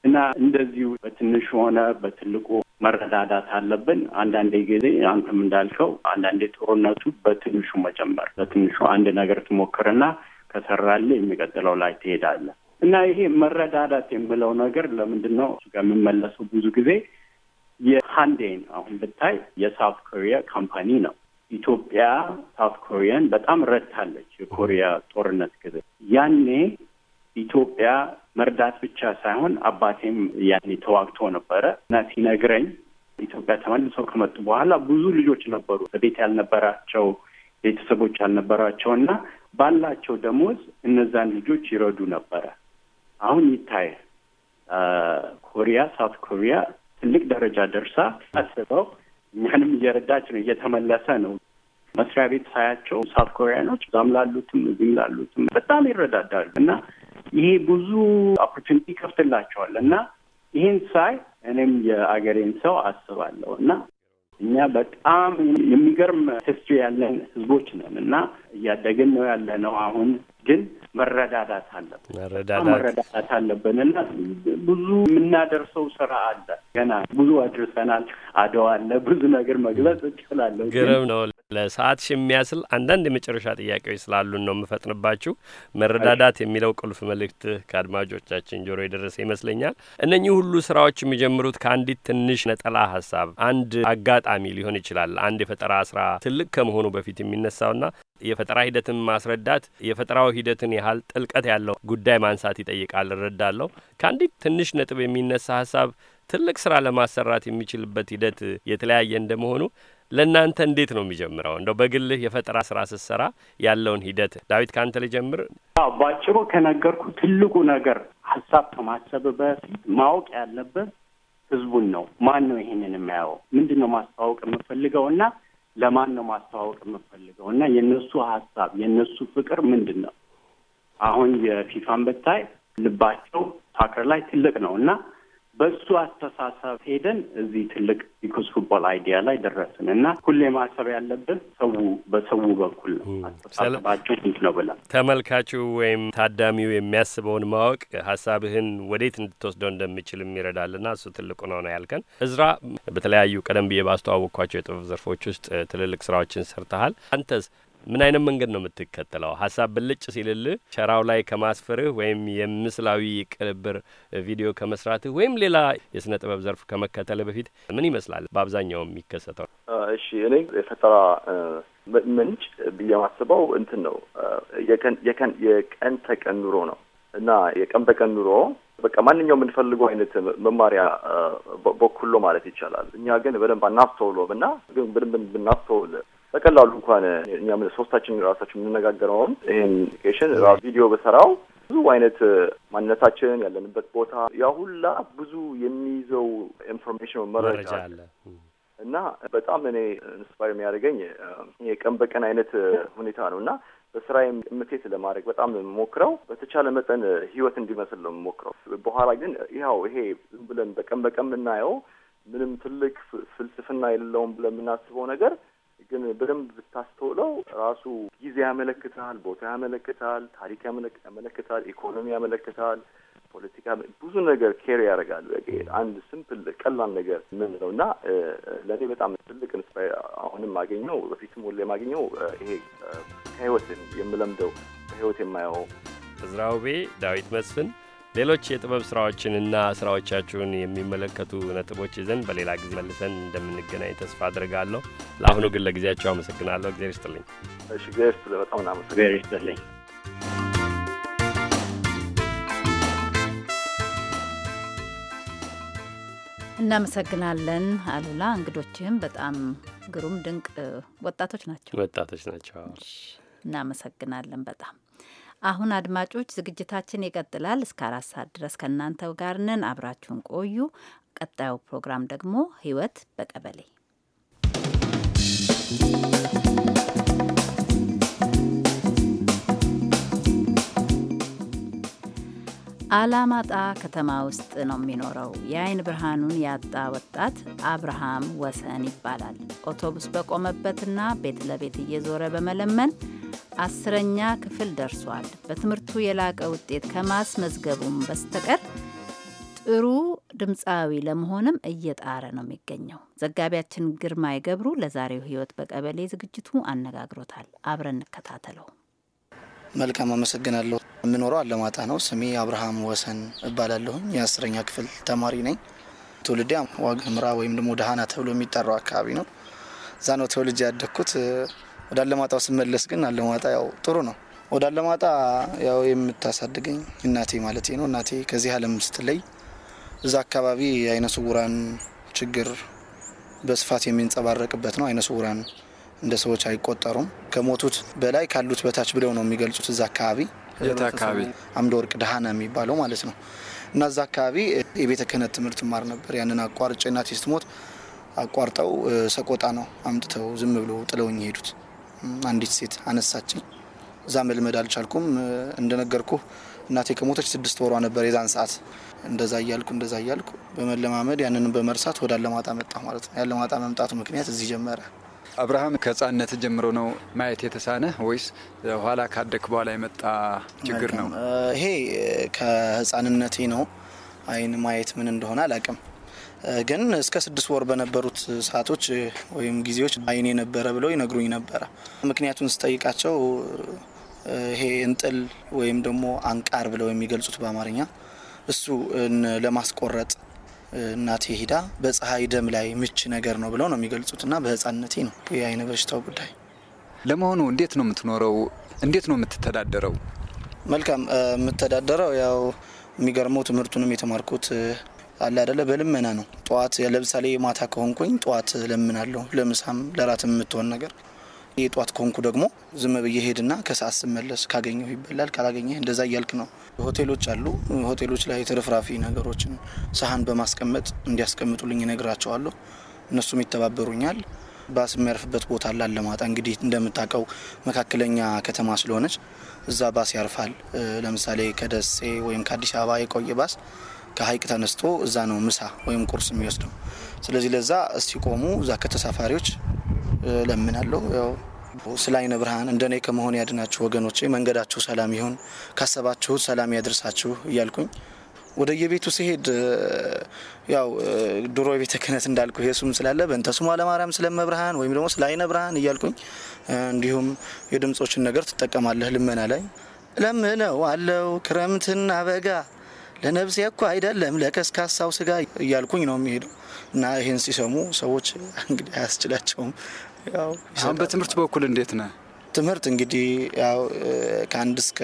S13: እና እንደዚሁ በትንሹ ሆነ በትልቁ መረዳዳት አለብን። አንዳንዴ ጊዜ አንተም እንዳልከው አንዳንዴ ጦርነቱ በትንሹ መጨመር፣ በትንሹ አንድ ነገር ትሞክርና ከሰራልህ የሚቀጥለው ላይ ትሄዳለህ። እና ይሄ መረዳዳት የምለው ነገር ለምንድን ነው ጋር የምመለሰው ብዙ ጊዜ የሃንዴን አሁን ብታይ የሳውት ኮሪያ ካምፓኒ ነው። ኢትዮጵያ ሳውት ኮሪያን በጣም ረድታለች የኮሪያ ጦርነት ጊዜ። ያኔ ኢትዮጵያ መርዳት ብቻ ሳይሆን አባቴም ያኔ ተዋግቶ ነበረ እና ሲነግረኝ ኢትዮጵያ ተመልሰው ከመጡ በኋላ ብዙ ልጆች ነበሩ በቤት ያልነበራቸው ቤተሰቦች ያልነበራቸው እና ባላቸው ደሞዝ እነዛን ልጆች ይረዱ ነበረ። አሁን ይታይ ኮሪያ ሳውት ኮሪያ ትልቅ ደረጃ ደርሳ አስበው እኛንም እየረዳች ነው፣ እየተመለሰ ነው። መስሪያ ቤት ሳያቸው ሳውት ኮሪያኖች እዛም ላሉትም እዚህም ላሉትም በጣም ይረዳዳሉ እና ይሄ ብዙ ኦፖርቹኒቲ ይከፍትላቸዋል እና ይህን ሳይ እኔም የአገሬን ሰው አስባለሁ እና እኛ በጣም የሚገርም ሂስትሪ ያለን ህዝቦች ነን እና እያደግን ነው ያለ ነው። አሁን ግን መረዳዳት አለብን መረዳዳት አለብን እና ብዙ የምናደርሰው ስራ አለ። ገና ብዙ አድርሰናል። አደዋ አለ። ብዙ ነገር መግለጽ እችላለሁ። ግርም
S2: ነው። ለሰዓት የሚያስል አንዳንድ የመጨረሻ ጥያቄዎች ስላሉን ነው የምፈጥንባችሁ። መረዳዳት የሚለው ቁልፍ መልእክት ከአድማጮቻችን ጆሮ የደረሰ ይመስለኛል። እነኚህ ሁሉ ስራዎች የሚጀምሩት ከአንዲት ትንሽ ነጠላ ሀሳብ፣ አንድ አጋጣሚ ሊሆን ይችላል። አንድ የፈጠራ ስራ ትልቅ ከመሆኑ በፊት የሚነሳውና የፈጠራ ሂደትን ማስረዳት የፈጠራው ሂደትን ያህል ጥልቀት ያለው ጉዳይ ማንሳት ይጠይቃል። እረዳለሁ። ከአንዲት ትንሽ ነጥብ የሚነሳ ሀሳብ ትልቅ ስራ ለማሰራት የሚችልበት ሂደት የተለያየ እንደመሆኑ ለእናንተ እንዴት ነው የሚጀምረው? እንደው በግልህ የፈጠራ ስራ ስትሰራ ያለውን ሂደት ዳዊት ከአንተ ልጀምር።
S13: አዎ ባጭሩ ከነገርኩ ትልቁ ነገር ሀሳብ ከማሰብ በፊት ማወቅ ያለበት ህዝቡን ነው። ማን ነው ይሄንን የሚያየው? ምንድን ነው ማስተዋወቅ የምፈልገው እና ለማን ነው ማስተዋወቅ የምፈልገው እና የእነሱ ሀሳብ የእነሱ ፍቅር ምንድን ነው? አሁን የፊፋን ብታይ ልባቸው ሳከር ላይ ትልቅ ነው እና በሱ አስተሳሰብ ሄደን እዚህ ትልቅ ኢኩስ ፉትቦል አይዲያ ላይ ደረስን እና ሁሌ ማሰብ ያለብን ሰው በሰው በኩል ነው። አስተሳሰባቸው ነው ብላ
S2: ተመልካቹ ወይም ታዳሚው የሚያስበውን ማወቅ ሀሳብህን ወዴት እንድትወስደው እንደሚችል የሚረዳል ና እሱ ትልቁ ነው ነው ያልከን። እዝራ በተለያዩ ቀደም ብዬ ባስተዋወቅኳቸው የጥበብ ዘርፎች ውስጥ ትልልቅ ስራዎችን ሰርተሃል። አንተስ ምን አይነት መንገድ ነው የምትከተለው? ሀሳብ ብልጭ ሲልልህ ሸራው ላይ ከማስፈርህ ወይም የምስላዊ ቅንብር ቪዲዮ ከመስራትህ ወይም ሌላ የስነ ጥበብ ዘርፍ ከመከተልህ በፊት ምን ይመስላል በአብዛኛው የሚከሰተው?
S3: እሺ እኔ የፈጠራ ምንጭ ብዬ ማስበው እንትን ነው የቀን የቀን ተቀን ኑሮ ነው እና የቀን በቀን ኑሮ በቃ ማንኛውም የምንፈልገው አይነት መማሪያ በኩሎ ማለት ይቻላል። እኛ ግን በደንብ አናስተውሎም እና ግን በደንብ ብናስተውል በቀላሉ እንኳን እኛ ሶስታችን ራሳችን የምንነጋገረው አሁን ይህን ቪዲዮ በሰራው ብዙ አይነት ማንነታችን ያለንበት ቦታ ያ ሁላ ብዙ የሚይዘው ኢንፎርሜሽን መረጃ አለ እና በጣም እኔ ኢንስፓየር የሚያደርገኝ የቀን በቀን አይነት ሁኔታ ነው እና በስራ ምቴት ለማድረግ በጣም የምሞክረው በተቻለ መጠን ህይወት እንዲመስል ነው የምሞክረው። በኋላ ግን ያው ይሄ ዝም ብለን በቀን በቀን የምናየው ምንም ትልቅ ፍልስፍና የሌለውም ብለን የምናስበው ነገር ግን በደንብ ብታስተውለው ራሱ ጊዜ ያመለክታል፣ ቦታ ያመለክታል፣ ታሪክ ያመለክታል፣ ኢኮኖሚ ያመለክታል፣ ፖለቲካ ብዙ ነገር ኬር ያደርጋል። አንድ ስምፕል ቀላል ነገር ምን ነው እና ለእኔ በጣም ትልቅ ኢንስፓይ አሁንም ማገኘው በፊትም ሁሌ ማገኘው ይሄ ከህይወትን የምለምደው ከህይወት የማየው
S2: እዝራውቤ ዳዊት መስፍን ሌሎች የጥበብ ስራዎችንና ስራዎቻችሁን የሚመለከቱ ነጥቦች ይዘን በሌላ ጊዜ መልሰን እንደምንገናኝ ተስፋ አድርጋለሁ። ለአሁኑ ግን ለጊዜያቸው አመሰግናለሁ። እግዜር ይስጥልኝ። እሺ፣ እግዜር ይስጥልኝ። በጣም እግዜር ይስጥልኝ።
S5: እናመሰግናለን አሉላ። እንግዶችህም በጣም ግሩም ድንቅ ወጣቶች
S2: ናቸው ወጣቶች ናቸው።
S5: እናመሰግናለን በጣም አሁን አድማጮች ዝግጅታችን ይቀጥላል። እስከ አራት ሰዓት ድረስ ከእናንተ ጋር ነን። አብራችሁን ቆዩ። ቀጣዩ ፕሮግራም ደግሞ ህይወት በቀበሌ አላማጣ ከተማ ውስጥ ነው የሚኖረው። የአይን ብርሃኑን ያጣ ወጣት አብርሃም ወሰን ይባላል። አውቶቡስ በቆመበትና ቤት ለቤት እየዞረ በመለመን አስረኛ ክፍል ደርሷል። በትምህርቱ የላቀ ውጤት ከማስመዝገቡም በስተቀር ጥሩ ድምፃዊ ለመሆንም እየጣረ ነው የሚገኘው። ዘጋቢያችን ግርማ ገብሩ ለዛሬው ህይወት በቀበሌ ዝግጅቱ አነጋግሮታል። አብረን እንከታተለው።
S6: መልካም አመሰግናለሁ። የምኖረው አለማጣ ነው። ስሜ አብርሃም ወሰን እባላለሁኝ። የአስረኛ ክፍል ተማሪ ነኝ። ትውልዴ ዋግ ህምራ ወይም ደግሞ ደሃና ተብሎ የሚጠራው አካባቢ ነው። እዛ ነው ተወልጄ ያደግኩት። ወደ አለማጣው ስመለስ ግን አለማጣ ያው ጥሩ ነው። ወደ አለማጣ ያው የምታሳድገኝ እናቴ ማለት ነው። እናቴ ከዚህ ዓለም ስትለይ እዛ አካባቢ የአይነ ስውራን ችግር በስፋት የሚንጸባረቅበት ነው። አይነ ስውራን እንደ ሰዎች አይቆጠሩም። ከሞቱት በላይ ካሉት በታች ብለው ነው የሚገልጹት። እዛ አካባቢ አካባቢ አምደ ወርቅ ደሃና የሚባለው ማለት ነው እና እዛ አካባቢ የቤተ ክህነት ትምህርት ማር ነበር። ያንን አቋርጬ እናቴ ስትሞት አቋርጠው ሰቆጣ ነው አምጥተው ዝም ብሎ ጥለውኝ ሄዱት። አንዲት ሴት አነሳችኝ። እዛ መልመድ አልቻልኩም። እንደነገርኩ እናቴ ከሞተች ስድስት ወሯ ነበር የዛን ሰዓት። እንደዛ እያልኩ እንደዛ እያልኩ በመለማመድ ያንንም በመርሳት ወደ አለማጣ መጣ ማለት ነው። ያለማጣ መምጣቱ ምክንያት እዚህ ጀመረ።
S17: አብርሃም ከህፃነት ጀምሮ ነው ማየት የተሳነ ወይስ ኋላ ካደክ በኋላ የመጣ ችግር ነው?
S6: ይሄ ከህፃንነቴ ነው። አይን ማየት ምን እንደሆነ አላቅም ግን እስከ ስድስት ወር በነበሩት ሰዓቶች ወይም ጊዜዎች አይን ነበረ ብለው ይነግሩኝ ነበረ። ምክንያቱን ስጠይቃቸው ይሄ እንጥል ወይም ደግሞ አንቃር ብለው የሚገልጹት በአማርኛ እሱ ለማስቆረጥ እናቴ ሂዳ በፀሐይ ደም ላይ ምች ነገር ነው ብለው ነው የሚገልጹት እና በህፃነቴ ነው የአይነ በሽታው ጉዳይ። ለመሆኑ እንዴት
S17: ነው የምትኖረው? እንዴት ነው የምትተዳደረው?
S6: መልካም የምተዳደረው ያው የሚገርመው ትምህርቱንም የተማርኩት አለ አደለ በልመና ነው። ጠዋት ለምሳሌ ማታ ከሆንኩኝ ጠዋት ለምናለሁ ለምሳም ለራት የምትሆን ነገር። የጠዋት ከሆንኩ ደግሞ ዝም ብዬ ሄድና ከሰዓት ስመለስ ካገኘሁ ይበላል፣ ካላገኘ እንደዛ እያልክ ነው። ሆቴሎች አሉ። ሆቴሎች ላይ ትርፍራፊ ነገሮችን ሰሀን በማስቀመጥ እንዲያስቀምጡልኝ እነግራቸዋለሁ። እነሱም ይተባበሩኛል። ባስ የሚያርፍበት ቦታ አለ አለማጣ። እንግዲህ እንደምታውቀው መካከለኛ ከተማ ስለሆነች እዛ ባስ ያርፋል። ለምሳሌ ከደሴ ወይም ከአዲስ አበባ የቆየ ባስ ከሀይቅ ተነስቶ እዛ ነው ምሳ ወይም ቁርስ የሚወስደው። ስለዚህ ለዛ ሲቆሙ እዛ ከተሳፋሪዎች ለምናለሁ ያው ስለ አይነ ብርሃን እንደ ከመሆን ያድናችሁ ወገኖቼ፣ መንገዳችሁ ሰላም ይሁን፣ ካሰባችሁት ሰላም ያድርሳችሁ እያልኩኝ ወደ የቤቱ ሲሄድ ያው ድሮ የቤተ ክህነት እንዳልኩ የሱም ስላለ በእንተ ስሙ አለማርያም ስለመብርሃን ወይም ደግሞ ስለ አይነ ብርሃን እያልኩኝ እንዲሁም የድምፆችን ነገር ትጠቀማለህ ልመና ላይ ለምነው አለው ክረምትና በጋ ለነብሴ እኮ አይደለም ለከስካሳው ስጋ እያልኩኝ ነው የሚሄደው እና ይህን ሲሰሙ ሰዎች እንግዲህ አያስችላቸውም። አሁን
S17: በትምህርት በኩል እንዴት ነ
S6: ትምህርት እንግዲህ ያው ከአንድ እስከ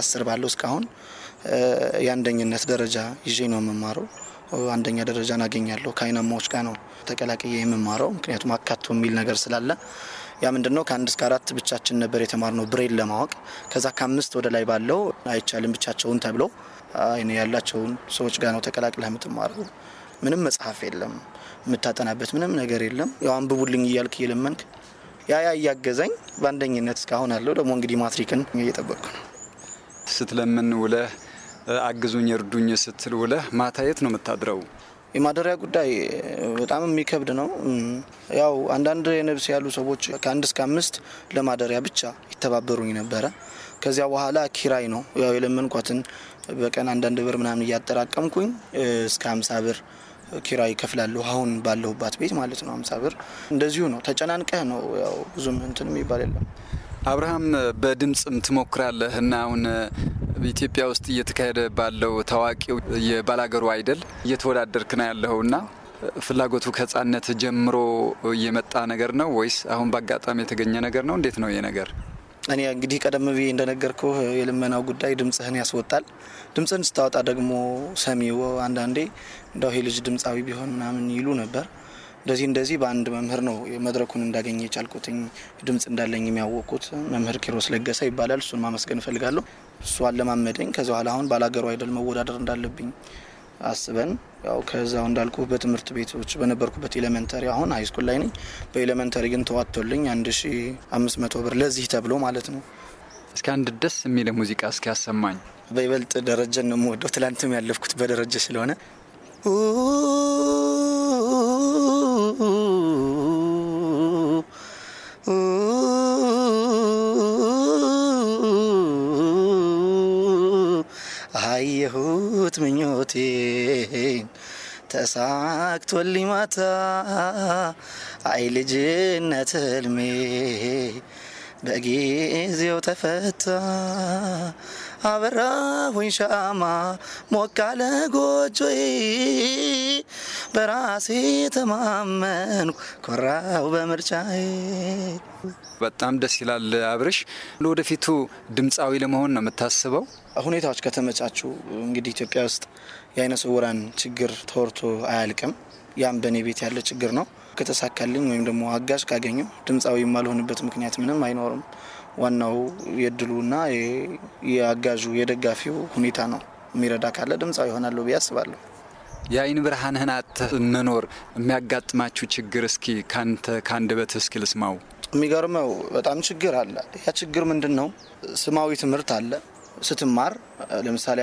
S6: አስር ባለው እስካሁን የአንደኝነት ደረጃ ይዤ ነው የምማረው። አንደኛ ደረጃ አገኛለሁ። ከአይናማዎች ጋር ነው ተቀላቅዬ የምማረው። ምክንያቱም አካቶ የሚል ነገር ስላለ ያ ምንድን ነው ከአንድ እስከ አራት ብቻችን ነበር የተማርነው ብሬን ለማወቅ ከዛ ከአምስት ወደ ላይ ባለው አይቻልም ብቻቸውን ተብለው አይን ያላቸውን ሰዎች ጋር ነው ተቀላቅለህ የምትማረው። ምንም መጽሐፍ የለም የምታጠናበት ምንም ነገር የለም። ያው አንብቡልኝ እያልክ እየለመንክ ያ ያ እያገዛኝ በአንደኝነት እስካሁን አለው። ደግሞ እንግዲህ ማትሪክን እየጠበቅኩ ነው። ስትለምን ውለህ አግዙኝ እርዱኝ ስትል ውለህ ማታ የት ነው የምታድረው? የማደሪያ ጉዳይ በጣም የሚከብድ ነው። ያው አንዳንድ የነብስ ያሉ ሰዎች ከአንድ እስከ አምስት ለማደሪያ ብቻ ይተባበሩኝ ነበረ። ከዚያ በኋላ ኪራይ ነው ያው የለመንኳትን በቀን አንዳንድ ብር ምናምን እያጠራቀምኩኝ እስከ ሀምሳ ብር ኪራይ ከፍላለሁ። አሁን ባለሁባት ቤት ማለት ነው። ሀምሳ ብር እንደዚሁ ነው። ተጨናንቀህ ነው ያው ብዙም እንትን ይባል የለም።
S17: አብርሃም በድምፅም ትሞክራለህ እና አሁን ኢትዮጵያ ውስጥ እየተካሄደ ባለው ታዋቂው የባላገሩ አይደል እየተወዳደርክ ነው ያለኸው እና ፍላጎቱ ከህጻነት ጀምሮ የመጣ ነገር ነው ወይስ አሁን በአጋጣሚ የተገኘ ነገር ነው? እንዴት ነው ይሄ ነገር?
S6: እኔ እንግዲህ ቀደም ብዬ እንደነገርኩህ የልመናው ጉዳይ ድምፅህን ያስወጣል። ድምፅህን ስታወጣ ደግሞ ሰሚው አንዳንዴ እንዳው ይሄ ልጅ ድምፃዊ ቢሆን ምናምን ይሉ ነበር። እንደዚህ እንደዚህ በአንድ መምህር ነው መድረኩን እንዳገኘ የቻልኩትኝ ድምፅ እንዳለኝ የሚያወቁት መምህር ኪሮስ ለገሰ ይባላል። እሱን ማመስገን እፈልጋለሁ። እሱ አለማመደኝ። ከዚ በኋላ አሁን ባላገሩ አይደል መወዳደር እንዳለብኝ አስበን ያው ከዛው እንዳልኩ በትምህርት ቤቶች በነበርኩበት ኤሌመንተሪ አሁን ሃይስኩል ላይ ነኝ። በኤሌመንተሪ ግን ተዋጥቶልኝ 1500 ብር ለዚህ ተብሎ ማለት ነው። እስኪ አንድ ደስ የሚል ሙዚቃ እስኪ ያሰማኝ። በይበልጥ ደረጃ ነው የምወደው። ትላንትም ያለፍኩት በደረጀ ስለሆነ አየሁ تفوت منيوتي تسعك تولي ماتا عي لجنة تلمي بقي زيو تفتح አበራሁኝ ሻማ ሞቃለ ጎጆዬ በራሴ ተማመንኩ ኮራው በምርጫዬ።
S17: በጣም ደስ ይላል።
S6: አብርሽ ለወደፊቱ ድምፃዊ ለመሆን ነው የምታስበው? ሁኔታዎች ከተመቻቹ እንግዲህ ኢትዮጵያ ውስጥ የአይነ ስውራን ችግር ተወርቶ አያልቅም። ያም በእኔ ቤት ያለ ችግር ነው። ከተሳካልኝ ወይም ደግሞ አጋዥ ካገኘው ድምፃዊ የማልሆንበት ምክንያት ምንም አይኖርም። ዋናው የድሉና የአጋዡ የደጋፊው ሁኔታ ነው። የሚረዳ ካለ ድምፃዊ ይሆናለሁ ብዬ አስባለሁ።
S17: የአይን ብርሃንህን አጥተህ መኖር የሚያጋጥማችሁ ችግር እስኪ ካንተ በት እስኪ ልስማው።
S6: የሚገርመው በጣም ችግር አለ። ያ ችግር ምንድን ነው? ስማዊ ትምህርት አለ። ስትማር ለምሳሌ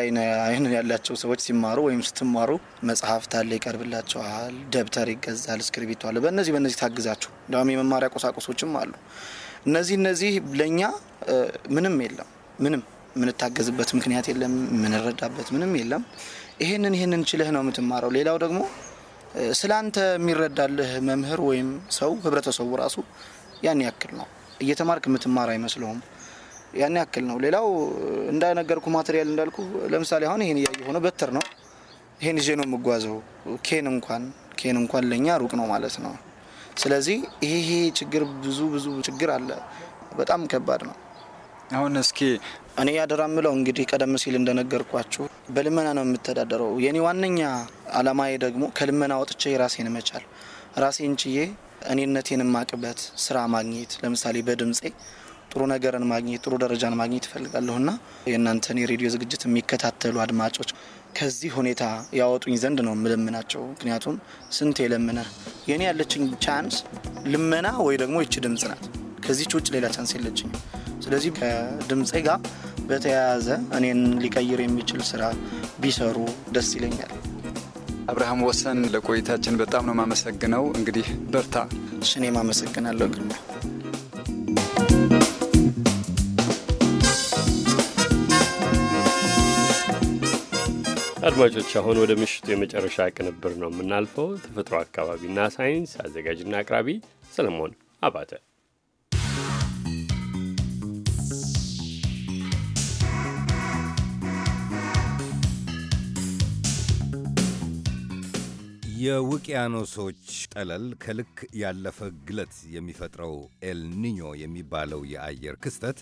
S6: አይን ያላቸው ሰዎች ሲማሩ ወይም ስትማሩ መጽሐፍት አለ ይቀርብላቸዋል፣ ደብተር ይገዛል፣ እስክሪብቶ አለ። በእነዚህ በእነዚህ ታግዛችሁ እንዲሁም የመማሪያ ቁሳቁሶችም አሉ። እነዚህ እነዚህ ለእኛ ምንም የለም ምንም የምንታገዝበት ምክንያት የለም፣ የምንረዳበት ምንም የለም። ይሄንን ይሄንን ችለህ ነው የምትማረው። ሌላው ደግሞ ስለ አንተ የሚረዳልህ መምህር ወይም ሰው ህብረተሰቡ ራሱ ያን ያክል ነው። እየተማርክ የምትማር አይመስለውም። ያን ያክል ነው። ሌላው እንዳነገርኩ ማቴሪያል እንዳልኩ ለምሳሌ አሁን ይሄን እያየ ሆነ በትር ነው። ይሄን ይዤ ነው የምጓዘው። ኬን እንኳን ኬን እንኳን ለእኛ ሩቅ ነው ማለት ነው። ስለዚህ ይሄ ችግር ብዙ ብዙ ችግር አለ። በጣም ከባድ ነው። አሁን እስኪ እኔ ያደራ ምለው እንግዲህ ቀደም ሲል እንደነገርኳችሁ በልመና ነው የምተዳደረው። የኔ ዋነኛ አላማዬ ደግሞ ከልመና ወጥቼ ራሴን መቻል፣ ራሴን ችዬ እኔነቴን ማቅበት ስራ ማግኘት፣ ለምሳሌ በድምፄ ጥሩ ነገርን ማግኘት ጥሩ ደረጃን ማግኘት እፈልጋለሁና የእናንተን የሬዲዮ ዝግጅት የሚከታተሉ አድማጮች ከዚህ ሁኔታ ያወጡኝ ዘንድ ነው የምለምናቸው። ምክንያቱም ስንት የለምነ የኔ ያለችኝ ቻንስ ልመና ወይ ደግሞ ይች ድምፅ ናት። ከዚች ውጭ ሌላ ቻንስ የለችኝ። ስለዚህ ከድምፄ ጋር በተያያዘ እኔን ሊቀይር የሚችል ስራ ቢሰሩ ደስ ይለኛል።
S17: አብርሃም ወሰን ለቆይታችን በጣም ነው የማመሰግነው።
S6: እንግዲህ በርታ። እኔም አመሰግናለሁ።
S2: አድማጮች አሁን ወደ ምሽቱ የመጨረሻ ቅንብር ነው የምናልፈው። ተፈጥሮ አካባቢና ሳይንስ አዘጋጅና አቅራቢ ሰለሞን አባተ።
S11: የውቅያኖሶች ጠለል ከልክ ያለፈ ግለት የሚፈጥረው ኤልኒኞ የሚባለው የአየር ክስተት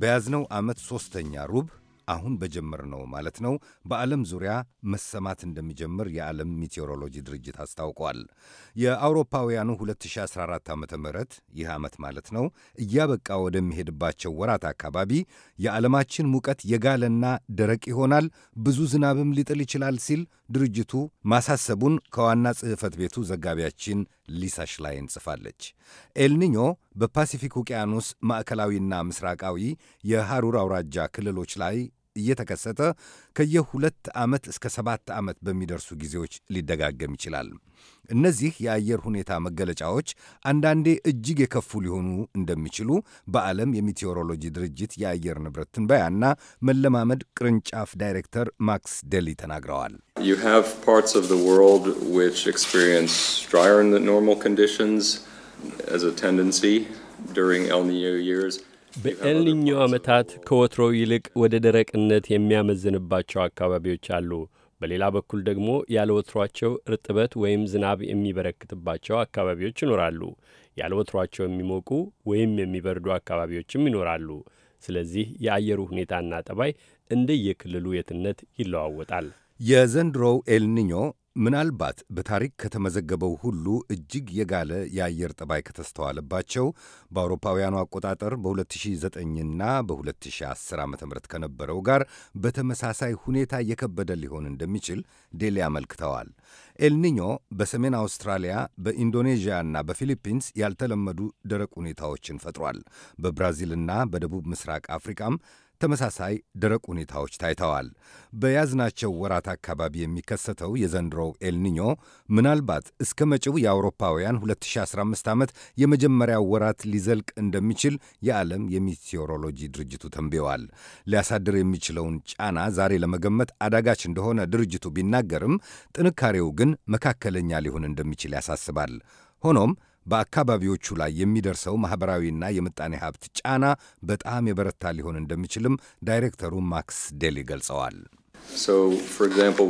S11: በያዝነው ዓመት ሦስተኛ ሩብ አሁን በጀመር ነው ማለት ነው በዓለም ዙሪያ መሰማት እንደሚጀምር የዓለም ሚቴዎሮሎጂ ድርጅት አስታውቋል። የአውሮፓውያኑ 2014 ዓ ም ይህ ዓመት ማለት ነው እያበቃ ወደሚሄድባቸው ወራት አካባቢ የዓለማችን ሙቀት የጋለና ደረቅ ይሆናል፣ ብዙ ዝናብም ሊጥል ይችላል ሲል ድርጅቱ ማሳሰቡን ከዋና ጽሕፈት ቤቱ ዘጋቢያችን ሊሳ ሽላይን ጽፋለች። ኤልኒኞ በፓሲፊክ ውቅያኖስ ማዕከላዊና ምስራቃዊ የሐሩር አውራጃ ክልሎች ላይ እየተከሰተ ከየሁለት ዓመት እስከ ሰባት ዓመት በሚደርሱ ጊዜዎች ሊደጋገም ይችላል። እነዚህ የአየር ሁኔታ መገለጫዎች አንዳንዴ እጅግ የከፉ ሊሆኑ እንደሚችሉ በዓለም የሚቴዎሮሎጂ ድርጅት የአየር ንብረት ትንበያና መለማመድ ቅርንጫፍ ዳይሬክተር ማክስ ደሊ
S10: ተናግረዋል። You have parts
S2: በኤልኒኞ ዓመታት ከወትሮ ይልቅ ወደ ደረቅነት የሚያመዝንባቸው አካባቢዎች አሉ። በሌላ በኩል ደግሞ ያለ ወትሯቸው እርጥበት ወይም ዝናብ የሚበረክትባቸው አካባቢዎች ይኖራሉ። ያለ ወትሯቸው የሚሞቁ ወይም የሚበርዱ አካባቢዎችም ይኖራሉ። ስለዚህ የአየሩ ሁኔታና ጠባይ እንደየክልሉ የትነት ይለዋወጣል።
S11: የዘንድሮው ኤልኒኞ ምናልባት በታሪክ ከተመዘገበው ሁሉ እጅግ የጋለ የአየር ጠባይ ከተስተዋለባቸው በአውሮፓውያኑ አቆጣጠር በ2009ና በ2010 ዓ ም ከነበረው ጋር በተመሳሳይ ሁኔታ የከበደ ሊሆን እንደሚችል ዴሌ አመልክተዋል። ኤልኒኞ በሰሜን አውስትራሊያ በኢንዶኔዥያና በፊሊፒንስ ያልተለመዱ ደረቅ ሁኔታዎችን ፈጥሯል። በብራዚልና በደቡብ ምስራቅ አፍሪካም ተመሳሳይ ደረቅ ሁኔታዎች ታይተዋል። በያዝናቸው ወራት አካባቢ የሚከሰተው የዘንድሮው ኤልኒኞ ምናልባት እስከ መጪው የአውሮፓውያን 2015 ዓመት የመጀመሪያ ወራት ሊዘልቅ እንደሚችል የዓለም የሚቴዎሮሎጂ ድርጅቱ ተንብየዋል። ሊያሳድር የሚችለውን ጫና ዛሬ ለመገመት አዳጋች እንደሆነ ድርጅቱ ቢናገርም ጥንካሬው ግን መካከለኛ ሊሆን እንደሚችል ያሳስባል። ሆኖም በአካባቢዎቹ ላይ የሚደርሰው ማኅበራዊና የምጣኔ ሀብት ጫና በጣም የበረታ ሊሆን እንደሚችልም ዳይሬክተሩ ማክስ ዴሊ ገልጸዋል።
S10: uh,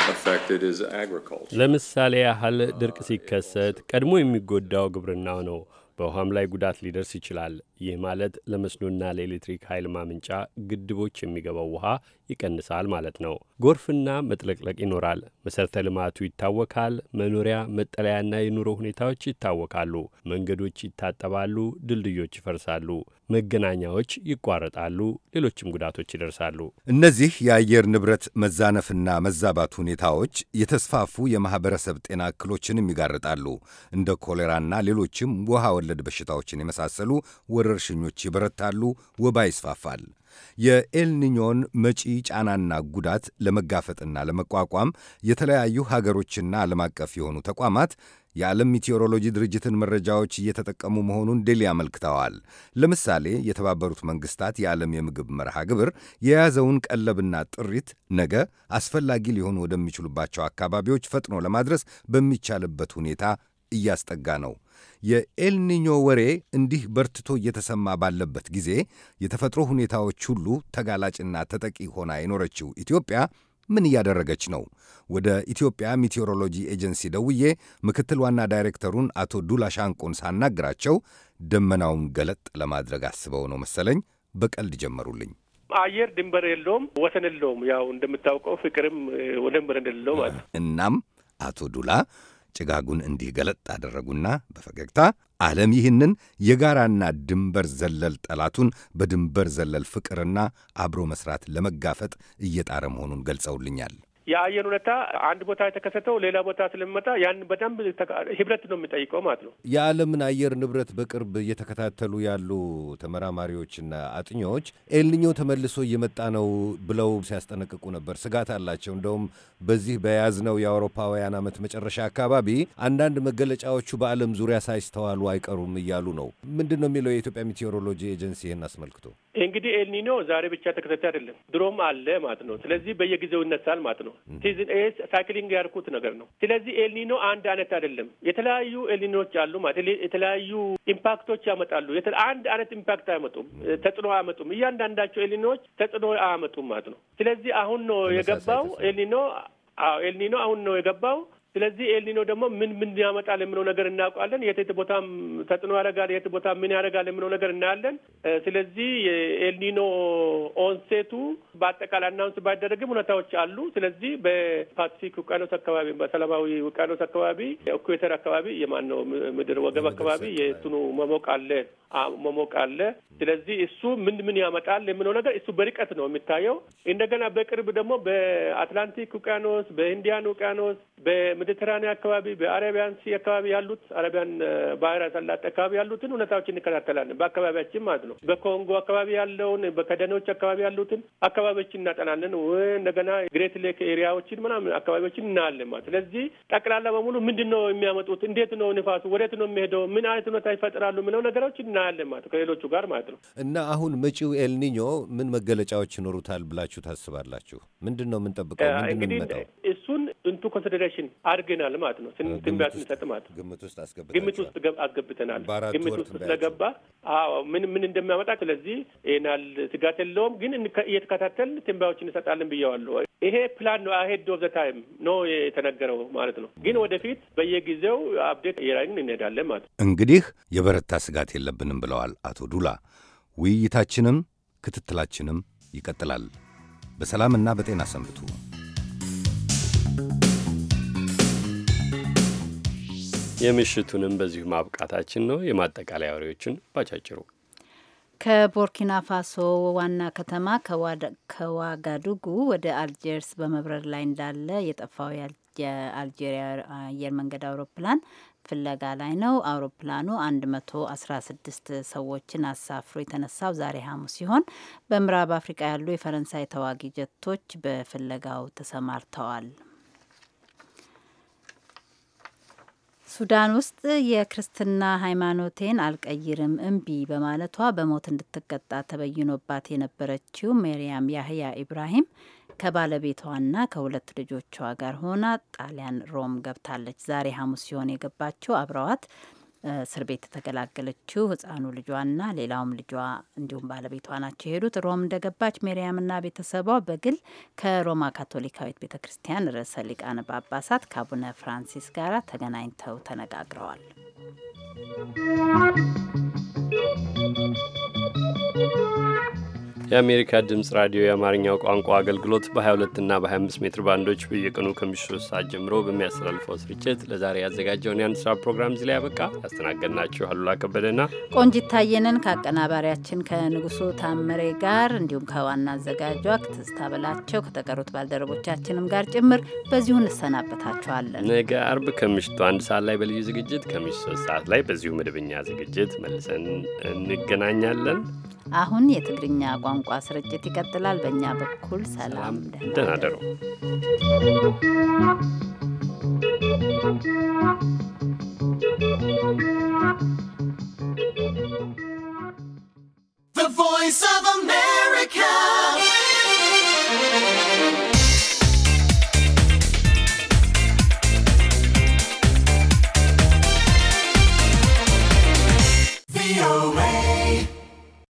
S10: uh,
S2: ለምሳሌ ያህል ድርቅ ሲከሰት ቀድሞ የሚጎዳው ግብርናው ነው። በውሃም ላይ ጉዳት ሊደርስ ይችላል። ይህ ማለት ለመስኖና ለኤሌክትሪክ ኃይል ማምንጫ ግድቦች የሚገባው ውሃ ይቀንሳል ማለት ነው። ጎርፍና መጥለቅለቅ ይኖራል። መሠረተ ልማቱ ይታወካል። መኖሪያ መጠለያና የኑሮ ሁኔታዎች ይታወካሉ። መንገዶች ይታጠባሉ፣ ድልድዮች ይፈርሳሉ፣ መገናኛዎች ይቋረጣሉ፣ ሌሎችም ጉዳቶች ይደርሳሉ።
S11: እነዚህ የአየር ንብረት መዛነፍና መዛባት ሁኔታዎች የተስፋፉ የማኅበረሰብ ጤና እክሎችንም ይጋርጣሉ። እንደ ኮሌራና ሌሎችም ውሃ ወለድ በሽታዎችን የመሳሰሉ ወረርሽኞች ይበረታሉ፣ ወባ ይስፋፋል። የኤልኒኞን መጪ ጫናና ጉዳት ለመጋፈጥና ለመቋቋም የተለያዩ ሀገሮችና ዓለም አቀፍ የሆኑ ተቋማት የዓለም ሚቴዎሮሎጂ ድርጅትን መረጃዎች እየተጠቀሙ መሆኑን ዴሊ አመልክተዋል። ለምሳሌ የተባበሩት መንግስታት የዓለም የምግብ መርሃ ግብር የያዘውን ቀለብና ጥሪት ነገ አስፈላጊ ሊሆኑ ወደሚችሉባቸው አካባቢዎች ፈጥኖ ለማድረስ በሚቻልበት ሁኔታ እያስጠጋ ነው። የኤልኒኞ ወሬ እንዲህ በርትቶ እየተሰማ ባለበት ጊዜ የተፈጥሮ ሁኔታዎች ሁሉ ተጋላጭና ተጠቂ ሆና የኖረችው ኢትዮጵያ ምን እያደረገች ነው? ወደ ኢትዮጵያ ሚቴዎሮሎጂ ኤጀንሲ ደውዬ ምክትል ዋና ዳይሬክተሩን አቶ ዱላ ሻንቆን ሳናግራቸው ደመናውን ገለጥ ለማድረግ አስበው ነው መሰለኝ በቀልድ ጀመሩልኝ።
S18: አየር ድንበር የለውም፣ ወሰን የለውም። ያው እንደምታውቀው ፍቅርም ወደንበር የለው ማለት
S11: እናም አቶ ዱላ ጭጋጉን እንዲህ ገለጥ አደረጉና በፈገግታ ዓለም ይህንን የጋራና ድንበር ዘለል ጠላቱን በድንበር ዘለል ፍቅርና አብሮ መስራት ለመጋፈጥ እየጣረ መሆኑን ገልጸውልኛል።
S18: የአየር ሁኔታ አንድ ቦታ የተከሰተው ሌላ ቦታ ስለሚመጣ ያን በደንብ ህብረት ነው የሚጠይቀው ማለት ነው።
S11: የዓለምን አየር ንብረት በቅርብ እየተከታተሉ ያሉ ተመራማሪዎችና አጥኚዎች ኤልኒኞ ተመልሶ እየመጣ ነው ብለው ሲያስጠነቅቁ ነበር። ስጋት አላቸው። እንደውም በዚህ በያዝነው የአውሮፓውያን ዓመት መጨረሻ አካባቢ አንዳንድ መገለጫዎቹ በዓለም ዙሪያ ሳይስተዋሉ አይቀሩም እያሉ ነው። ምንድን ነው የሚለው የኢትዮጵያ ሜቴዎሮሎጂ ኤጀንሲ ይህን አስመልክቶ
S18: እንግዲህ ኤልኒኖ ዛሬ ብቻ ተከታታይ አይደለም፣ ድሮም አለ ማለት ነው። ስለዚህ በየጊዜው ይነሳል ማለት ነው። ሳይክሊንግ ያልኩት ነገር ነው። ስለዚህ ኤልኒኖ አንድ አይነት አይደለም። የተለያዩ ኤልኒኖች አሉ ማለት የተለያዩ ኢምፓክቶች ያመጣሉ። አንድ አይነት ኢምፓክት አያመጡም፣ ተጽዕኖ አያመጡም። እያንዳንዳቸው ኤልኒኖች ተጽዕኖ አያመጡም ማለት ነው። ስለዚህ አሁን ነው የገባው ኤልኒኖ። አዎ ኤልኒኖ አሁን ነው የገባው ስለዚህ ኤልኒኖ ደግሞ ምን ምን ያመጣል የምለው ነገር እናውቃለን። የት ቦታም ተጽዕኖ ያደርጋል፣ የት ቦታ ምን ያደርጋል የምለው ነገር እናያለን። ስለዚህ የኤልኒኖ ኦንሴቱ በአጠቃላይ አናውንስ ባይደረግም ሁኔታዎች አሉ። ስለዚህ በፓሲፊክ ውቅያኖስ አካባቢ፣ በሰላማዊ ውቅያኖስ አካባቢ፣ ኢኩዌተር አካባቢ የማን ነው ምድር ወገብ አካባቢ የእሱኑ መሞቅ አለ መሞቅ አለ። ስለዚህ እሱ ምን ምን ያመጣል የምለው ነገር እሱ በርቀት ነው የሚታየው። እንደገና በቅርብ ደግሞ በአትላንቲክ ውቅያኖስ፣ በኢንዲያን ውቅያኖስ በሜዲትራኒያ አካባቢ በአረቢያን ሲ አካባቢ ያሉት አረቢያን ባህረ ሰላጤ አካባቢ ያሉትን እውነታዎች እንከታተላለን። በአካባቢያችን ማለት ነው። በኮንጎ አካባቢ ያለውን በከደኖች አካባቢ ያሉትን አካባቢዎችን እናጠናለን። እንደገና ግሬት ሌክ ኤሪያዎችን ምናምን አካባቢዎችን እናያለን ማለት ስለዚህ ጠቅላላ በሙሉ ምንድን ነው የሚያመጡት፣ እንዴት ነው ንፋሱ፣ ወዴት ነው የሚሄደው፣ ምን አይነት ሁኔታ ይፈጥራሉ የሚለው ነገሮች እናያለን ማለት ከሌሎቹ ጋር ማለት ነው።
S11: እና አሁን መጪው ኤልኒኞ ምን መገለጫዎች ይኖሩታል ብላችሁ ታስባላችሁ? ምንድን ነው የምንጠብቀው? ምንድን ነው የሚመጣው?
S18: እሱን ኮንሲደሬሽን አድርገናል ማለት ነው። ትንቢያ ስንሰጥ ማለት ነው ግምት ውስጥ አስገብተናል ግምት ውስጥ አስገብተናል። ግምት ውስጥ ስለገባ አዎ ምን ምን እንደሚያመጣ ስለዚህ ይናል ስጋት የለውም። ግን እየተከታተል ትንቢያዎች እንሰጣለን ብየዋለሁ። ይሄ ፕላን ነው አሄድ ኦፍ ዘ ታይም ነው የተነገረው ማለት ነው። ግን ወደፊት በየጊዜው አፕዴት እየራይን እንሄዳለን ማለት ነው።
S11: እንግዲህ የበረታ ስጋት የለብንም ብለዋል አቶ ዱላ። ውይይታችንም ክትትላችንም ይቀጥላል። በሰላምና በጤና ሰንብቱ።
S2: የምሽቱንም በዚሁ ማብቃታችን ነው። የማጠቃለያ አውሬዎችን ባጫጭሩ
S5: ከቦርኪና ፋሶ ዋና ከተማ ከዋጋዱጉ ወደ አልጀርስ በመብረር ላይ እንዳለ የጠፋው የአልጄሪያ አየር መንገድ አውሮፕላን ፍለጋ ላይ ነው። አውሮፕላኑ 116 ሰዎችን አሳፍሮ የተነሳው ዛሬ ሐሙስ ሲሆን በምዕራብ አፍሪቃ ያሉ የፈረንሳይ ተዋጊ ጀቶች በፍለጋው ተሰማርተዋል። ሱዳን ውስጥ የክርስትና ሃይማኖቴን አልቀይርም እምቢ በማለቷ በሞት እንድትቀጣ ተበይኖባት የነበረችው ሜሪያም ያህያ ኢብራሂም ከባለቤቷና ከሁለት ልጆቿ ጋር ሆና ጣሊያን ሮም ገብታለች። ዛሬ ሐሙስ ሲሆን የገባችው አብረዋት እስር ቤት የተገላገለችው ህፃኑ ልጇና ሌላውም ልጇ እንዲሁም ባለቤቷ ናቸው የሄዱት። ሮም እንደገባች ሜሪያምና ቤተሰቧ በግል ከሮማ ካቶሊካዊት ቤተ ክርስቲያን ርዕሰ ሊቃነ ጳጳሳት ከአቡነ ፍራንሲስ ጋር ተገናኝተው ተነጋግረዋል።
S2: የአሜሪካ ድምፅ ራዲዮ የአማርኛው ቋንቋ አገልግሎት በ22 እና በ25 ሜትር ባንዶች በየቀኑ ከምሽቱ ሶስት ሰዓት ጀምሮ በሚያስተላልፈው ስርጭት ለዛሬ ያዘጋጀውን የአንድ ስራ ፕሮግራም እዚህ ላይ ያበቃ። ያስተናገድናችሁ አሉላ ከበደና
S5: ቆንጂት ታየንን ከአቀናባሪያችን ከንጉሱ ታምሬ ጋር እንዲሁም ከዋና አዘጋጇ ትዝታ በላቸው ከተቀሩት ባልደረቦቻችንም ጋር ጭምር በዚሁ እንሰናበታችኋለን።
S2: ነገ አርብ ከምሽቱ አንድ ሰዓት ላይ በልዩ ዝግጅት ከምሽቱ ሶስት ሰዓት ላይ በዚሁ መደበኛ ዝግጅት መልሰን እንገናኛለን።
S5: አሁን የትግርኛ ቋንቋ ስርጭት ይቀጥላል። በእኛ በኩል ሰላም፣
S2: ደህና ደሩ።